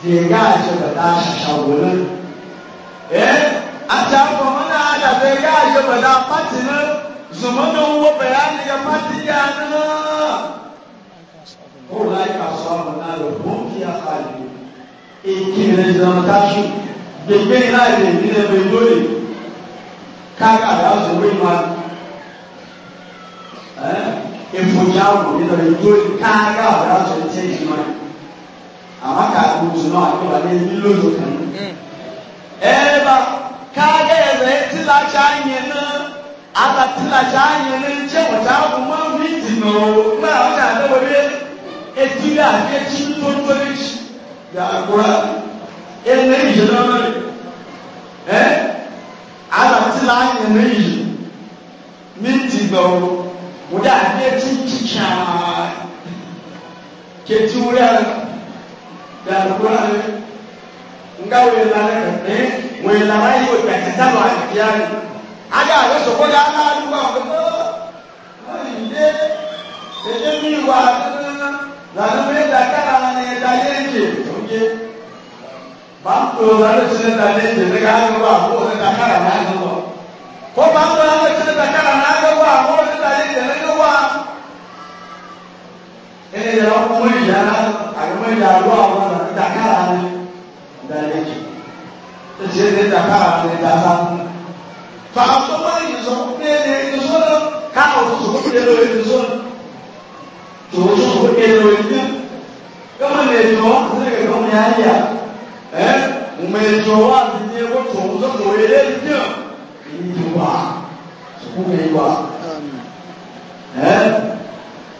o na dèga àjẹbẹ̀dá àṣàwòlẹ́ ẹ́ àṣàkọ̀ mọ́nà àdàbẹ̀gá àjẹbẹ̀dá pàtì náà zùmọ́nà owó bẹ̀rẹ̀ àníyẹ pàtì o náà ó láì kàṣọ àwọn náà lọ fún kí a fà lè èkì rẹ̀ jẹun táṣù gbègbè láì lè ní ẹgbẹ́ lórí káàkiri àzọwé ma ẹ̀ èfòyà wò nítorí lórí káàkiri àzọwé tẹ́jú náà amma ka ku su na ko ba ne ni lo zo kan eh ba ka ga ya zai tila cha nye na ala tila cha nye ne mi ti no ma wa ta da we e ti ga ke chi to to ni chi da akura e ne ni je na ma eh ala tila nye ne yi mi ti no mo da ke chi chi cha ke da alukura lɛ nga wòye la lɛ ɛ wòye la la yi wòye ta kata lɔ àyà yi aga ale sɔgbɔ ya ala aluwa wòye mɔ ayi ye ɛdɛ mi wa lanu mi da kala ni da yé ye o ye bàtò lanu ti ne da yé ye ne ka ayi wa ko ne da kala na ayi wa ko bàtò lanu ti ne da kala na ayi wa ko ne da yé ye ne ka wa ẹni yẹn ọkọ mọ ìyá àgbẹmọ ìyá àlọ àwọn ìdàkàrà ni ìdàlẹjì ètí ẹni ìdàkàrà ni ìdàkàrà ni. fàáfọ wọn yìí sọ pé ẹni ẹni sọ lọ káwọn sọ pé ẹni ẹni sọ lọ sọ pé ẹni ẹni sọ lọ kama ne jɔ ne ka kama ya ya ɛ mɛ jɔ wa ti nye ko tɔn sɔ mo ye e jɛ yi wa sugu bɛ yi wa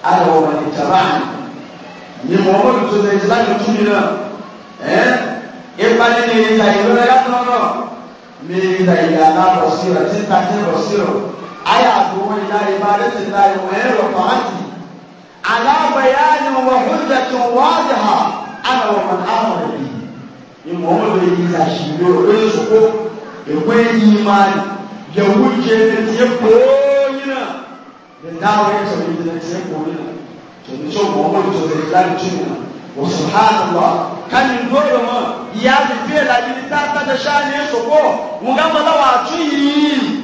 ana wa man tabani ni muhammadu to da islami tuni na eh e ba ni ne ta yi lora ya no no me da ya na basira tin ta tin basira aya do wani na ibadatin da yi wa yaro fa hati ala bayanin wa hujjatun wadaha ana wa man amara bi ni muhammadu yi ta shi ne o ko e ko imani da wuce ne ko da dawo ya tsoro da nan sai koyi na to ni so mo mo to da la ni na wa subhanallah kan ni dole ma ya da fiye la ni ta ta da shani so ko mu ga mala wa tuyi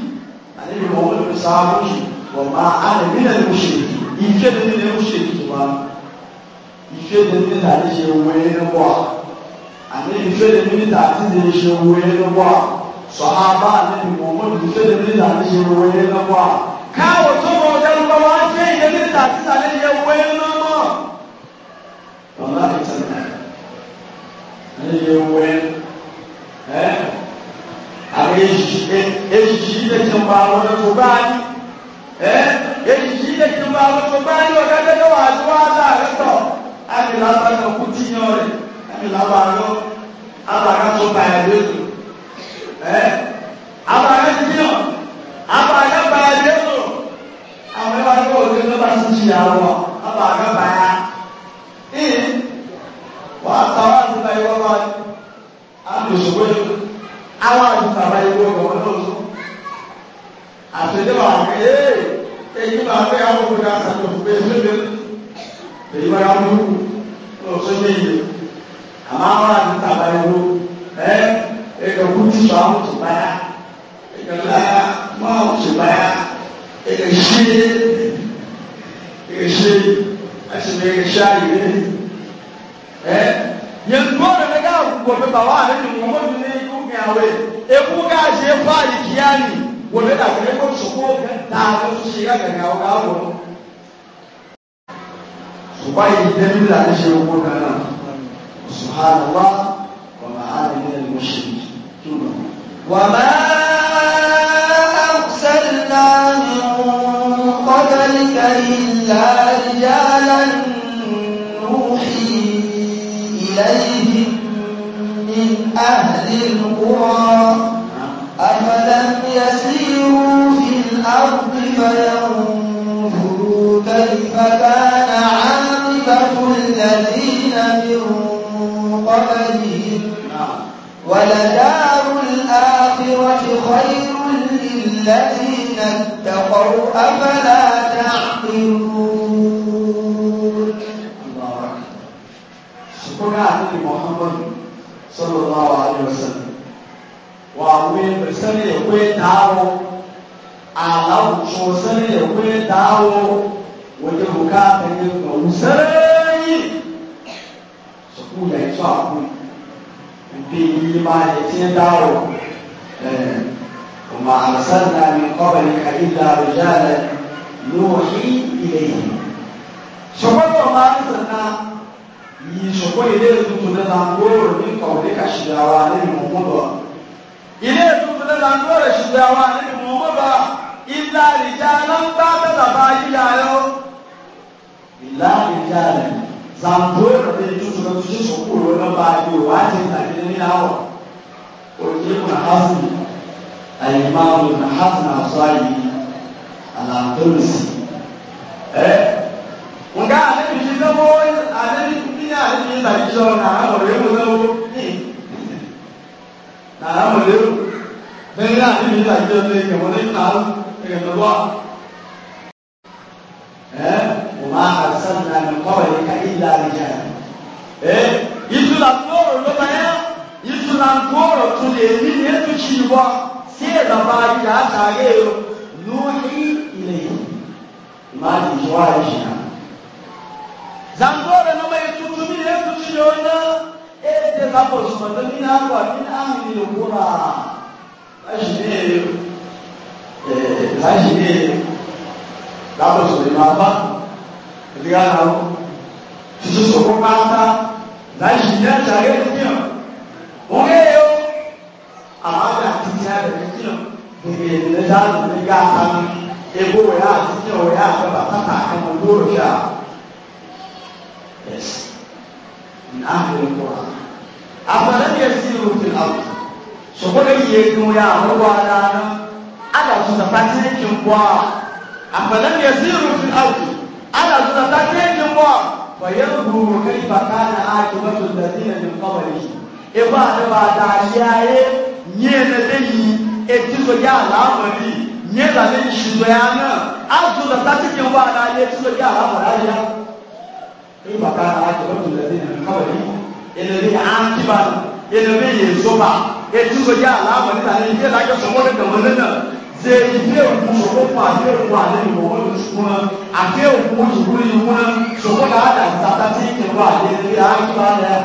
ani mo mo da sabu shi wa ma ana min al mushriki in ke da ni ne mushriki ba ife da ni ta ni je wani ne ba ani ife da ni ta ti je je wani ne ba sahaba ni mo mo ife da ni ta ni je wani ne ba káwọ̀ tó mọ̀ ọ̀dẹ́ ń bọ̀ wọ́n fẹ́ ìyẹn ní ìta títà ní ìyẹn wọ́ ẹ lọ́mọ́. Bàbá mi ti nà ní ìyẹn wọ́ ẹ ẹ́ àwọn èyí yìí lè ti pa àwọn ọ̀dọ́ tó bá yí ẹ́ èyí yìí lè ti pa àwọn tó bá yí ọ̀dọ́ tó tó wà tó wà láàrin tọ̀ àmì làbà lọ kú tí yàn rẹ̀ àmì làbà lọ àbàkà tó bá yà lóyún ẹ́ àbàkà ti yàn àbàkà bá yà lóyún àwọn ẹgbẹ́ àti bọ́ọ̀lù tó bá ti jìyà wọ̀ ọba àgbà ya ee wà á ta wá àti báyìí wọ́n wá àlùsòwò yìí àwọn àdùtà báyìí wọ́n wọ̀ wọ́n lọ́sọ. àtẹ̀lẹ́ wà á gbé ee èyí máa fẹ́ àwọn òkúta àtàkùn fún bẹ́ẹ̀ fún bẹ́ẹ̀ èyí máa ń mú lọ́sọ yẹ̀yẹ̀ àmọ́ àwọn àdùtà báyìí wọ́n ẹ̀ ẹ̀kọ́ kú tù sọ àwọn tù báyà ẹ̀kọ́ láyà mọ́ àwọn tù báyà ɛyɛhyie ɛyɛhyie ɛsɛn ɛyɛhyie ayɛ ɛ yɛntuma na ne gaa wɔ ne ba waa ne ne mɔmɔ ne ne ko nyaawe eku gaa hyɛ fa ayi kia ni wɔ ne da ne ko soko daa ne so hyɛ yɛ nyaawe gaa wɔ no soba yi dɛm la ne hyɛ wɔ gana subhanallah wa ma'ana ne ne mo hyɛ ne tu na wa maa. إلا رجالا نوحي إليهم من أهل القرى أفلم يسيروا في الأرض فينظروا كيف كان عاقبة الذين من قبلهم ولدار الآخرة خير للذين اتقوا أفلا anabi muhammadu sallallahu alaihi wasallam wàwé sani ekwe daawo alawutso sani ekwe daawo wòye wòká ẹni gbọ̀wù sẹ́yìn sọ̀kú yẹ tó àkú ìdí yìí máa yẹ tí ń daawo ọmọ àlùsàdà mi kọ́bẹ̀lì kàdídà àlùjáde lóòhì ilé yìí sọ̀kú yẹ ọmọ àlùsàdà yìnyínsọ̀kọ́ ilé tuntun ní langoro ní kàwé ka ṣìdáwá lẹ́yìn mọ́mọ́dọ̀ ilé tuntun ní langoro ṣìdáwá lẹ́yìn mọ́mọ́dọ̀ ilá ìjà lọ́gbà bẹ́ẹ̀ bá yíyá yọ ilá ìjà rẹ̀ zangoro ní tuntun ní tuntun sọ̀kọ́ ló ń bá yí o wá ti tàbí ní àwọ̀ òjì múna hasan àyèmáwò múna hasan àṣọ àyè àlàntòlùsì ẹ nga alẹ́ bìí ní gbẹ́wọ́ alẹ́ bìí ndị a dị ntakịrị ọrụ na ha mụrụ ewu n'owu na ha mụrụ ewu bẹ́ẹ̀ náà ní ìlà ìjọ ní ni ní ìlà ìgbẹ̀lọ́wọ́ ẹ́ mo máa àṣàn náà ní kọ́wọ̀ ní ká ìlà ìjà ẹ́ ìtura kúrò ló bá yá ìtura kúrò tún lè ní ní ètò ìṣì ìwọ sí ìdàbà ìjà àtàgé lórí ilẹ̀ ìmáàdì ìjọ àìṣà zangore noma yetutumile ekutiyona ete zakozumata mina akwa mina amilile kura bajineyo bajineyo zakozumimamba etikanawo titusukumata zajina cagetiyo ungeyo amana atitiyabetiyo bebelezazumigakami ebo weya atitiyo weya akabatatakamadorosha Yes. Min ahli al-Qur'an. Afalam yasiru fil ard. So ko dai ye kun ya ruwa da nan ala su tafati ne kin kwa. Afalam yasiru fil ard. Ala su tafati ne kin kwa. Wa yanzuru kayfa kana akibatu alladhina min qablihim. E ba da ba da yaye nye na dai etizo ya alamari nye da ne shi ya nan. Azu da tafati kin kwa da ye tizo ya alamari ya nígbà tá a jọ lọ́dún lẹ́dí nínú káwọ̀ yìí ẹlẹ́bí àákíbà ẹlẹ́bí yèzóba etí sọjá aláàbọ̀ níta ní ilé ìdájọ́ sọmọ́ ní kàwọn nínà ṣe ilé òkú sọmọ́ fún àdé òkú àdé ìwọ̀wọ́ ní sùnmọ́ àdé òkú ìwúrí ìwúná sọmọ́ náà dà ìtàtà tí ìkẹwà àdé ẹlẹ́bí àákíbà rẹ̀.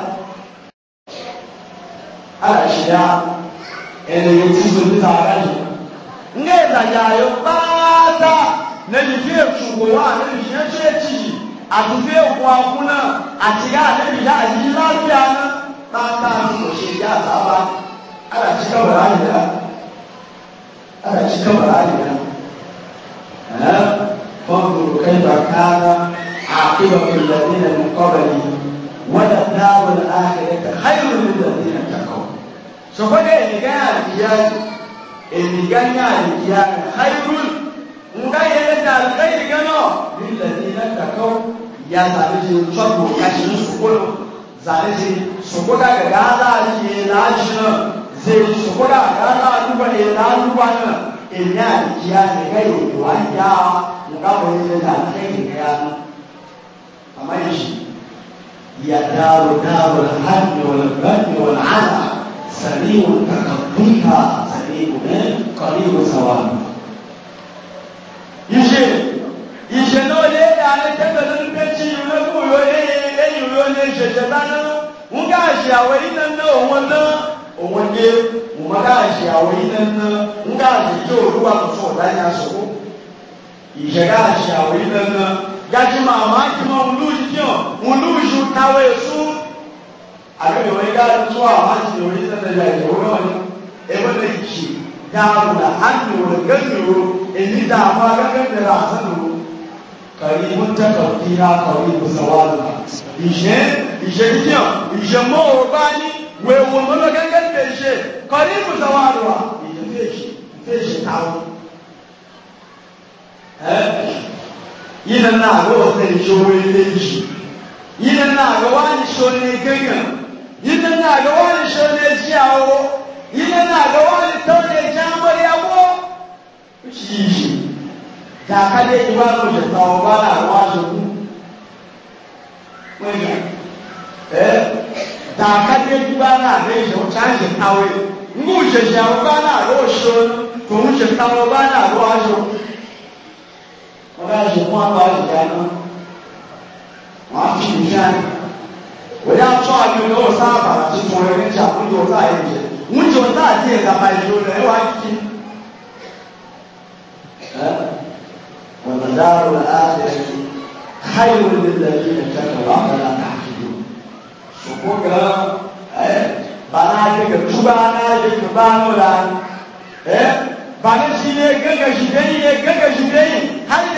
aláṣẹ́yà ẹlẹ́bí tí sọ níta aráyè. ń gé ìdàjà yóò bá dá lẹ́yìn bí èkó wà lẹ́yìn àtúnfẹ́ òkú akún náà àti yá àdébìyá àti lábíà náà táàtàá ní kò ṣe ìyá àtàwà àdàtí kọ̀ọ̀rọ̀ àyíká àdàtí kọ̀ọ̀rọ̀ àyíká fọ́nrù kẹ́lá kára àkíyọ̀ ìlànà ìkọ́bẹ̀lì wọ́n dà dáwọn àkẹ́rẹ́ kà háyọ̀ ìlànà ìkàkọ́. sọ̀kọ́ dẹ̀ ènìyàn àdìyá ènìyàn àdìyá háyọ̀ nga yɛlɛ da alikayi gano ni lɛni na dakaw ya zane je tsɔgbo kasi ni sokolo zane je sokoda gaga ala ye na jina ze sokoda gaga ala aluba ye na aluba na enya ya nega ye wa ya nga mo yɛlɛ da alikayi gaya na ama yi si ya daro daro alhamdu walhamdu walhamdu sani wa kakakuka sani wa yìí ìṣe náà lé alẹ́ tẹ́tọ̀ lórí péjì ìrọ́lùwò lẹ́yìn ìrọ́ lé ṣẹ̀ṣẹ̀ dáná ń ká ṣe àwọn iná náà òun náà òun dé mo má ká ṣe àwọn iná náà ń ká ṣe tí olúwa kò fún ọ̀dá yẹn aṣọ kó ìṣe ká ṣe àwọn iná náà yájú máa máa ti mọ òun lóṣù tí hàn òun lóṣù táwé èso àbí òun ká tó àwọn àti òun náà yà ìṣòro náà ni ẹgbẹ́ dawo da hannu da gajiro in da ma gagan da rasanu kari mun ta kafi ha kari ku sawala ije ije kiyo ije mo bani we wo mo lo gagan da ije na go sai showe ne ji na ga wani shone gagan ina na ga wani shone jiawo yíyá náà lọ́wọ́ ní tọ́lẹ̀ ẹ̀jẹ̀ amọ̀lẹ́yàwó yíyí dàkàdé ìwà lóye tà ọba àwọn aṣojú wẹ̀yà ìwà náà lẹ́yìn ọ̀chá ń táwé ńgbò ṣẹṣẹ ọba náà lọ́wọ́ ṣọ kò ń ṣe táwé ọba náà lọ́wọ́ aṣọ ọba aṣọ fún àbá àṣìṣe àná wọn fi ìṣe àná wọ́n yá tọ́ àjọ lọ́wọ́ sábà ẹni tí àkójọ ọ̀tá ẹ̀ jẹ́ ŋutsu ta ati ɛgaba dzo le ewa tsi ɛ wɔnadaro le aɣe hayo le le fi ɛtsɛ kɔ wa mɛ la ka fi do soko ke ɛ bana ake ke tuba na ake ke ba no la ɛ bana si ne gege si de yi ne gege si ara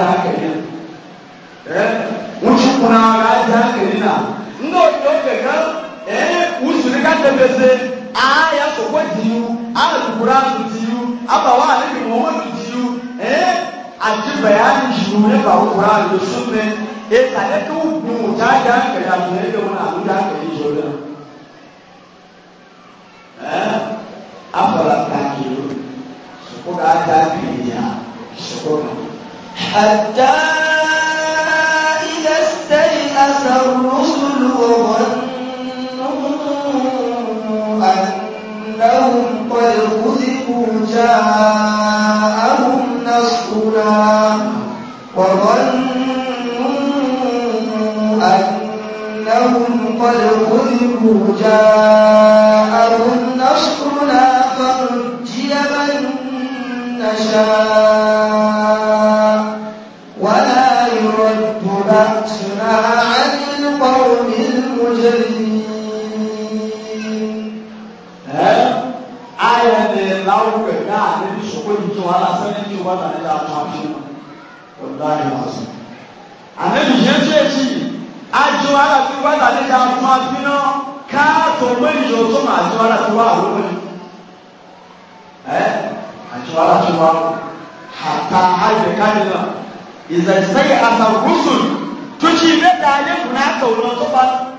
la ake ke. ŋutsu eh? kuna ndị kelina ŋdɔ yiwo keke ŋutsu ɖeka agha ya azụ abawa eh, ya diyu ne bawo kura alo sunne eta eke wukun wòtsa dza kelina tu na wòna alo dza keli zɔ lɛ afɔla ta kiri sɔgbɔ ka ya الرسل وظنوا أنهم قد كذبوا جاءهم نصرنا وظنوا أنهم قد كذبوا جاءهم نصرنا فنجي من نشاء ولا يرد بأسنا dawo ga da na bi shi kudi to ala sanin cewa da ya ta shi wallahi masu annabi ya ce shi ajo ala fi da ya ta fi no ka to mai yo to ma ajo ala fi wa ru eh ajo ala fi wa hatta sai asa rusul tuci be da ya kuna ka wurin to fa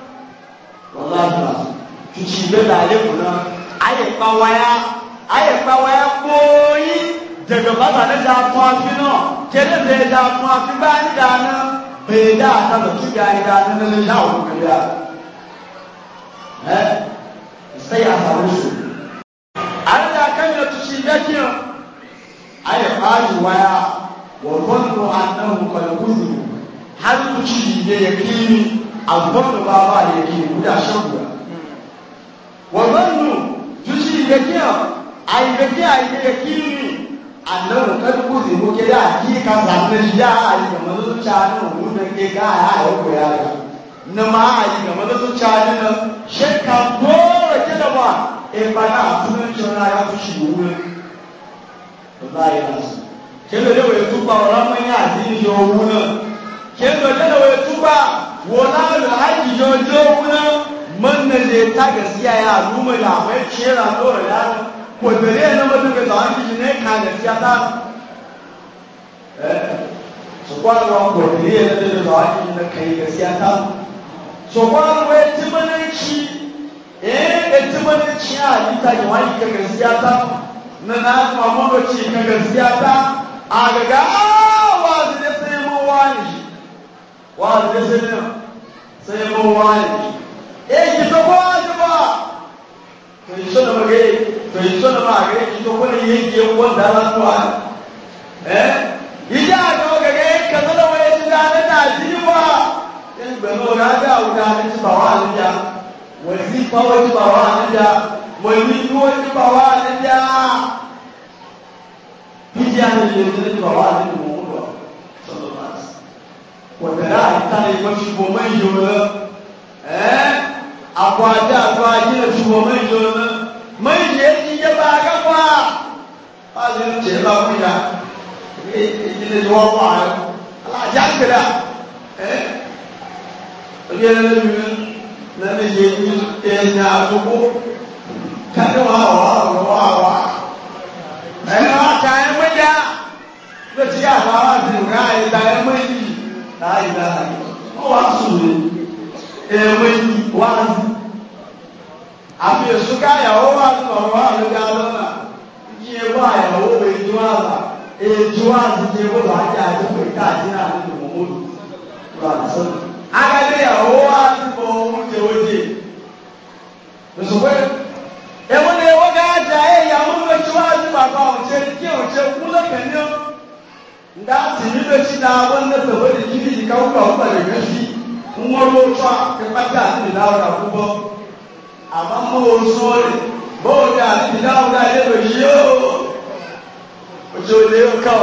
wallahi masu tuci be da ya kuna ayi kawaya ayẹ̀pá wa ẹ gbóyin dẹ̀gbẹ̀bá tàbí dà fún afi náà kéde lè dà fún afi bá ń dáná bèè dá àtàlọ̀ tó yà ẹ̀ dá nínú lè dá òkú yà ẹ sẹ́yà àtàlọ̀ sọ. àyẹ̀dá akẹ́yọ̀ tó ṣe yẹ kí ọ ayẹ̀pá yìí wáyà wọ́n wọ́n lọ àdáhùn kọ̀lẹ́kùnrin hali tó ṣe yẹ yẹ kí ni àgbọ̀n bá bá yẹ kí ni kúdà ṣọ́ọ̀bù wọ́n lọ́nù tó ṣe yẹ kí ọ aibeke aibe yakini annahu kad kuzibu ke da hakika zanne shi ya ali ga mazan cani mu da ke ga ya ya ko ya ga na ma ali ga mazan cani na shekka ko ke da ba e ba na sunan shona ya ku shi wuri wallahi na su ke da lewa ya tuba wa ramman ya addini yo wuna ke da lewa ya tuba wala da haji yo jo wuna man ne ta gaskiya ya al'umma da bai cera dole da wòtẹ̀lẹ́ náà wọ́n tẹ̀lé sọ̀rọ̀ títí ní ẹ̀ka rẹ̀ sí adá. Sọ̀kọ́ àwọn wòtẹ̀lẹ́ náà tẹ̀lé sọ̀rọ̀ títí ní ẹ̀ka rẹ̀ sí adá. Sọ̀kọ́ àwọn ẹtìmọ́ náà kí ẹtìmọ́ náà kí àyíká yìí wọ́n yí kẹ̀kẹ́ sí adá. Nana àwọn ọmọ kí kẹ̀kẹ́ sí adá. Àgàgà wà á ti dé sẹ́yìn mọ́ wáyé. Wà á ti dé sẹ́yìn mọ́ wáyé. Èyí sọ̀kọ́ àjọba. Eh? to yi sɔnna ma kɛ to yi sɔnna ma kɛ yi to ko ne ye je ko da la to a ɛ yi ja a dɔn kɛ kɛ kɛmɛ la wa ye ti da ne ta di wa e ni gbɛmɛ o n'a da o da ne ti ba wa ale ja wa ni ba o ti ba wa ale ja wa ni du o ti ba wa ale ja yi ja ne ye ne ti ba wa ale mɔ o dɔn sɔlɔ ma wa kɛra a ta ne ko ti bɔ ma yi o la ɛ a ko a ja wọ ìjọ náà mọ ìjẹ ti yẹ bá a kápá ń bá wọn yà ìdílé ni wọn wà á alájà kẹlẹ ẹ ọdún yẹn lẹnu mi lẹnu yẹ ní ẹnyà àdúgbò kẹni wà wà wà wà ẹ náà ta ẹ mọ ìjà ló ti yà wà wà sí nǹkan àyè ta ẹ mọ ìjì láàyè láàyè wà sùn ní ẹ mọ wà sùn àfi èso káyàwó wà nínú ọ̀rọ̀ wà lóga lọ́nà kí ewu àyàwó ètò àlà ètò àdìjẹ ewu làájà àdìpọ̀ ìta àdínà nínú mọ́mọ́lù lọ àdìsọ́. agadé yàwó wà nínú oúnjẹ oúnjẹ lọ́sọ̀pẹ́ ewu ni ewu gáàjà ẹ̀yàwó lójú àdìpọ̀ àgbà ọ̀jẹ̀ kí ọ̀jẹ̀ kú lọ́kẹ̀ẹ́ nda ti ni bɛ ti daa wɔn ne tɛwɛ de yi ni yi ka wula wula de bɛ fi ŋmɔlɔ tɔ a kɛ kpa ti a ti ni daa wɔn a kubɔ àmọ́ kó o sọ rẹ̀ bóun ní àti dáhùn náà lè lò yí ó ojú olè ó kọ́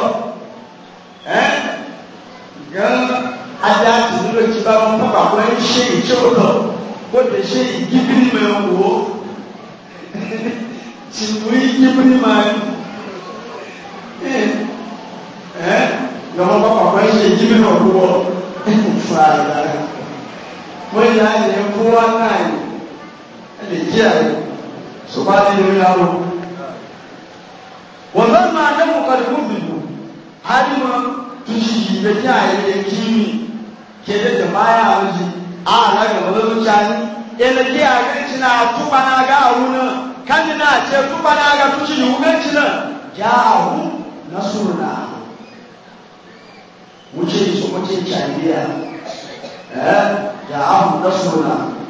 ẹ́ gan adé àti nílò tí bá wọn pàpà wọn ń ṣe ìjókòó kó lè ṣe ìgíbírí mẹ́rin wò ó *laughs* ti mú ìgíbírí mẹ́rin ẹ́ ẹ́ lọ́wọ́ pàpà wọn ṣe ìgíbírí mẹ́rin wò ó fún àyà rẹ̀ wọ́n yà á yẹ fún wọn náà yìí da kiyaye su ba da yi yaro wannan ma da mu karfin biyu halima tushi da kiyaye da kimi ke da da baya wuce a na ga wani mutane yana kiyaye cina tuba na ga aruna kan na ce tuba na ga tushi da hukunci nan ya ahu nasurna wuce su wuce jami'a eh ya ahu nasurna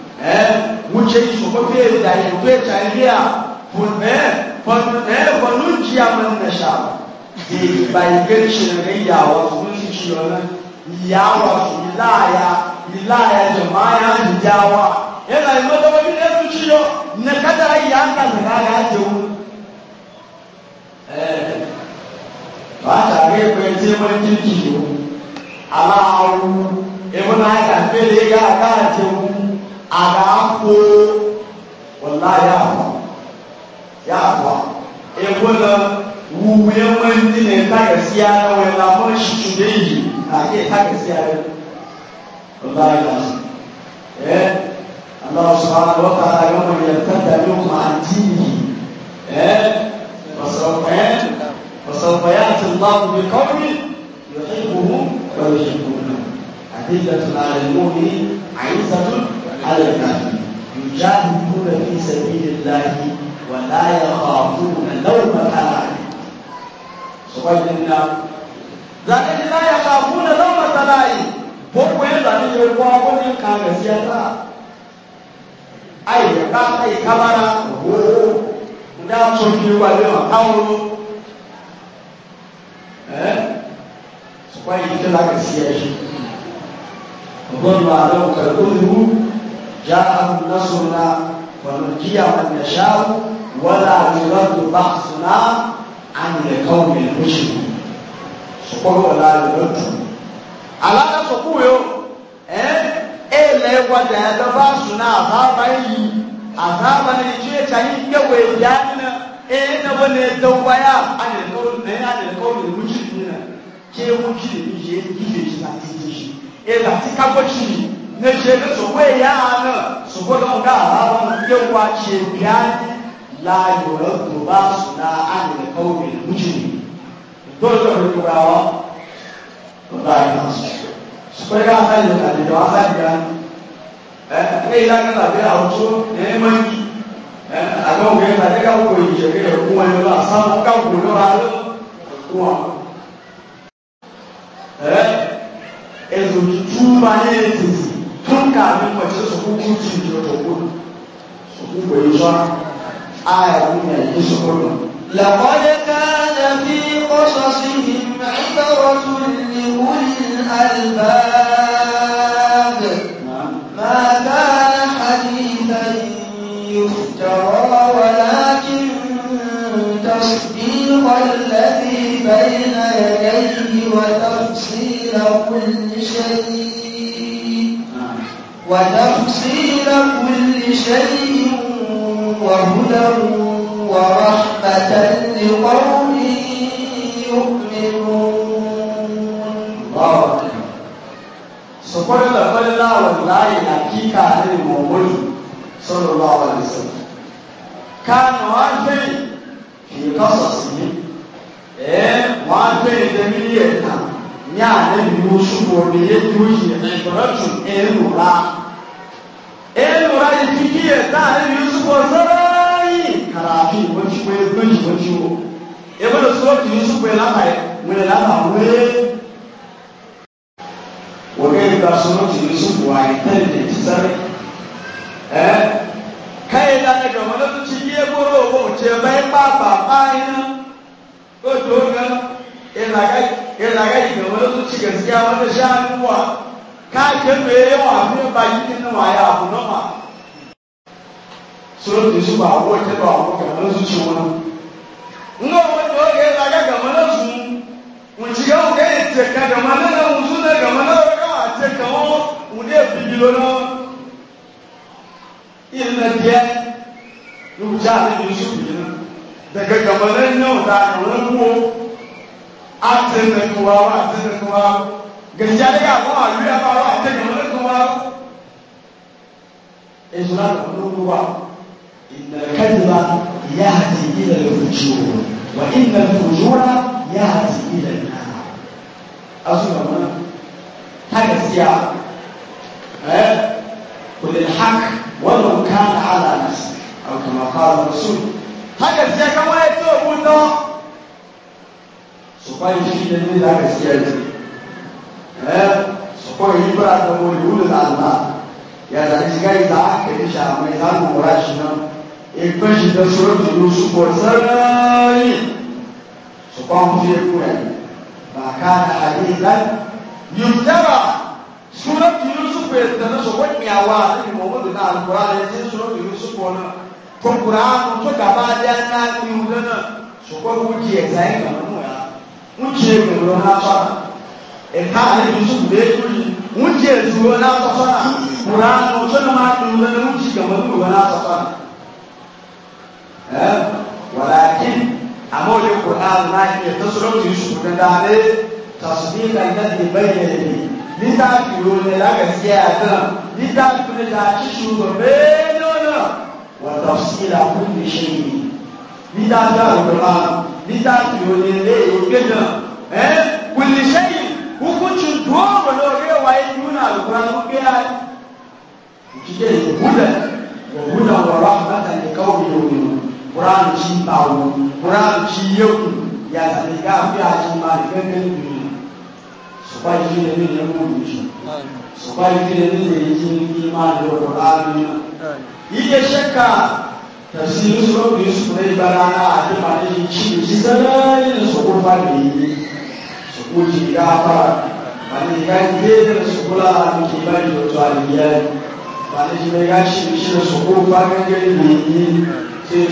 wuce shi ko fe da e ya fe tariya fulme fulme fulun jiya man na sha e bai gari shi na gayya wa sun shi shi wannan ya wa su ilaya ilaya jama'a jawa yana yi mata wani e ne su shi na kada ya ka na ga ga je wu eh. ba ta ga ko je mun kirki yo ala awu e mun aka fele ga ka je wu àdáko ọ̀la yàtọ̀ yàtọ̀ èkó na wùwù ẹ̀wọ̀ ẹ̀ndí nà ẹ̀ta kẹsí ara wọn ẹ̀la mọ́ ṣùtù déyìí nà kí ẹ̀ta kẹsí ara ọ̀la yàtọ̀ ẹ̀ aláwọ̀ sọ̀rọ̀ àlọ́ ta ayọ́ wọn yẹ tẹ́tẹ́ ló máa dì í ẹ̀ ọ̀sọ̀fọ̀ yà ti lọ́wọ́ mi kọ́mí yọ̀ọ́ ìbùkún pẹ̀lú ìbùkún náà àdéjọ́ tó náà lè mú mi àyíṣàtún. على الكافرين يجاهدون في سبيل الله ولا يخافون لوم لائم سبحان الله لكن لا يخافون لوم لائم gbogbo ẹ̀ lọ́dún yóò wá wọ́n ní nǹkan rẹ̀ sí ẹ̀ta ayẹyẹ bá ayé kábàrà wò ó ndé atún fi wà lé wọn káwọn ẹ sọkwa yìí kí lákàtí ẹ ṣe ọgbọ́n lọ àlọ́ kẹlẹ́ ó ti wú. جاءهم نصرنا ونجي من نشاء ولا يرد بحثنا عن القوم المشركين سقوط ولا يرد على سقوط eh ele wada da ba suna azaba yi azaba ne ce ta yi gawe ya na eh na bane dawaya an ne ko ne an ne ko ne mushi ne ke mushi ne je ki ne shi na ti shi eh la ti ka ko shi na ṣe ní sọ̀wọ́ ìyá náà sọ̀wọ́ náà ká àwọn ọmọdé wa ṣe bíá ní láàyò rẹ̀ tó bá sùn náà á lè kọ́ òwe lójú ni tó ń lọ lórí wa ọ́ tó bá yẹn náà sùn. sọ̀wọ́ ìyá náà yóò kà lè lọ wá láti bíá ní. ẹ ẹ ìlà kan tàbí àwùjọ ẹ ẹ máa ń yí. ẹ àgbà òwe tàbí káwọn kò yìí ṣẹ̀kẹ́ yẹ kó wọn lọ àsáwọn káwọn tun kafin mace su hukunci da hukun su kuka zuwa aya duniya yi su kudu لقد كان في قصصهم عبرة لأولي الألباب ما كان حديثا يفترى ولكن تصديق الذي بين يديه وتفصيل كل شيء وتفصيل كل شيء وهدى ورحمة لقوم يؤمنون سبحان الله والله حقيقة عن المؤمن صلى الله عليه وسلم كان واجبا في قصصه wọ́n á gbé ìdẹ́mílíẹ̀ náà ní àná ìlú ṣùgbọ́n ní ètò ìyẹn ìtọ́lẹ́tù ẹ̀rù rà ẹnu ayé kíkí ẹ̀ tá a níbi yusufu ọ̀sọ́rọ́yìn kàràfì ìwọ́nṣiwọ́ ìwọ́nṣiwọ́ ìwọ́n sọ́ọ̀tì yusufu ẹ̀ lábàá ẹ̀ wọ́n lábàá wọ́n wọ́n kẹ́ ẹ̀ka sọ́ọ̀tì yusufu ayé tẹ́lẹ̀ ti sáré ẹ̀ káyé dáná ìjọba ló ti yé gbóró owó òtí ẹ̀ báyìí pàápà báyìí ná ó dòó gan ìlàgá ìjọba ló káàkiri mi yẹ wọn àbí mi ba yìí nínú ayé àbò náà ma sọlọ tó sùn bá àwọn ìjẹ bá àwọn kẹmẹ náà sùn sùn wọn. nínú àwọn ìjọ yẹ lága kẹmẹ náà sùn nìjìká wọn kẹ ìtẹ ká kẹmẹ náà náà wọn sùn náà kẹmẹ náà wọn káwọn àti kẹmẹ wọn wọn dé bìbí lọ náà. ìlànà díẹ lóko já àti ìlú sùn bìbí náà dẹgẹ kẹmẹ náà ní ọ̀dà àwọn ẹ̀kọ́ àti ẹ̀kọ́ wa àti ẹ̀kọ́ wa. gẹ̀dìjà lé ká àwọn àlùyé àbáwọ̀ àtẹ̀yìn olóògùn wa. èso náà lọ lóko wa ìnàkẹ́dìbà ìyá àti ìlẹ̀ òjò wà ìnà òjò wa ìyá àti ìlẹ̀ náà. asùnwọ̀n náà táyà sí a ẹ̀ kò lè hàk wọ́n lọ ká àlà nàṣì àwọn kàmáfà lọ sùn. táyà sí a káwọn ẹ̀ tó òkú náà. sùpàyè fi lè ní láyà sí a jù. sọ̀kọ́ yìí bá àtàwọn olùwúlò àlùmá yàtà ìsìká ìta kẹ̀kẹ́ sàmì ìlànà wọ̀rá ṣìnà ẹgbẹ́ ṣìnà sọ̀rọ̀ tó ló sọ̀kọ́ sẹ́rẹ́rì sọ̀kọ́ àwọn fi ẹkú rẹ̀ bàkà àyè ìlànà yóò dábà sọ̀rọ̀ tó ló sọ̀kọ́ ìtẹ̀lẹ́ sọ̀kọ́ ìyàwó àti mọ̀mọ́dù náà àlùkọ́rá ẹ̀ ti sọ̀rọ̀ tó ló sọ̀kọ́ náà kọ̀kùrá tó gàbá dé náà ní ìwúlẹ̀ náà sọ̀kọ́ ɛka ale tun so kure kuli ŋun jɛ duwo n'a sɔsɔ la kura o fɛn ma tun bɛ ŋun ci gama duwo n'a sɔsɔ la ɛ walakin a ma o ye kura n'a ye tasɔrɔ tun su ne da ale tasɔrɔ ka ne de bɛ yɛlɛ de ni t'a tiro ne la ka se a dana ni t'a tiro ne la ci su ma bɛɛ n'o na wa tafsiri la kun bɛ se yen ni t'a tiro a dɔn na ni t'a hukuncin goma na rewa ya nuna alƙur'an biya jide huda wa huda wa rahmatan li qaumin yu'minun qur'an ji bawo qur'an ji yau ya zai ga biya ji ma da ganin su ba ji ne ne ya mu ji su ba ji ne ne ya ji ni ma da qur'an yi ya shakka tafsirin su ne su ne barana a ji ma da ji ci ji zalal wuce gafa ba ne ga gefen su kula da ke bari da zuwa biyar shi shi da su ko fagen gari mai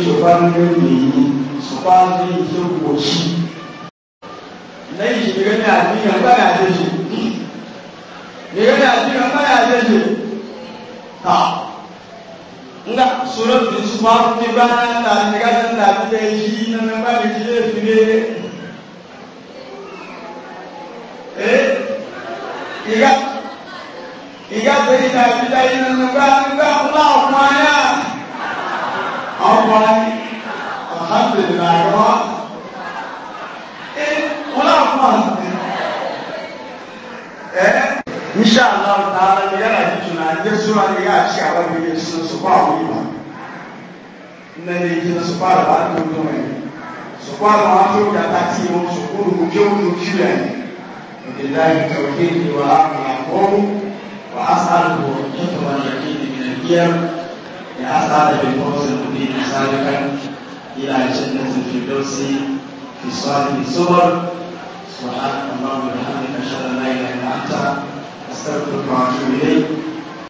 su fagen gari mai yi su fagen yi sun goci na yi shi gani a jikin ba ya ce shi ne gani a jikin ba ya ce shi ta nga sọ̀rọ̀ fi sùpà fi bá nàìjíríà nàìjíríà nàìjíríà nàìjíríà nàìjíríà eh iga iga tẹ̀lé ta fi ta yín nínú gbá nígbà ńlá ọ̀pọ̀ ayá ọ̀pọ̀ ayé alhamdulilayi ọ̀rọ̀ eh wọn náà fún àwọn eh insha allah taala ni yàrá tuntun náà yẹ sura ni yà á ṣe àwọn ìgbésẹ̀ sọ sọ fún àwọn yìí na ne gyina so paara baa tontom yi so paara maa fi o gata ti yi o so o nu gye o nu وبالله توفيقي وأعطي قومي وأسأله كثر اليقين من القيم لحصل بالفوز المبين سابقا إلى جنة الفردوس في صلاه الصبر سبحانك اللهم وبحمدك أشهد أن لا إله إلا أنت أستغفرك وأتوب إليك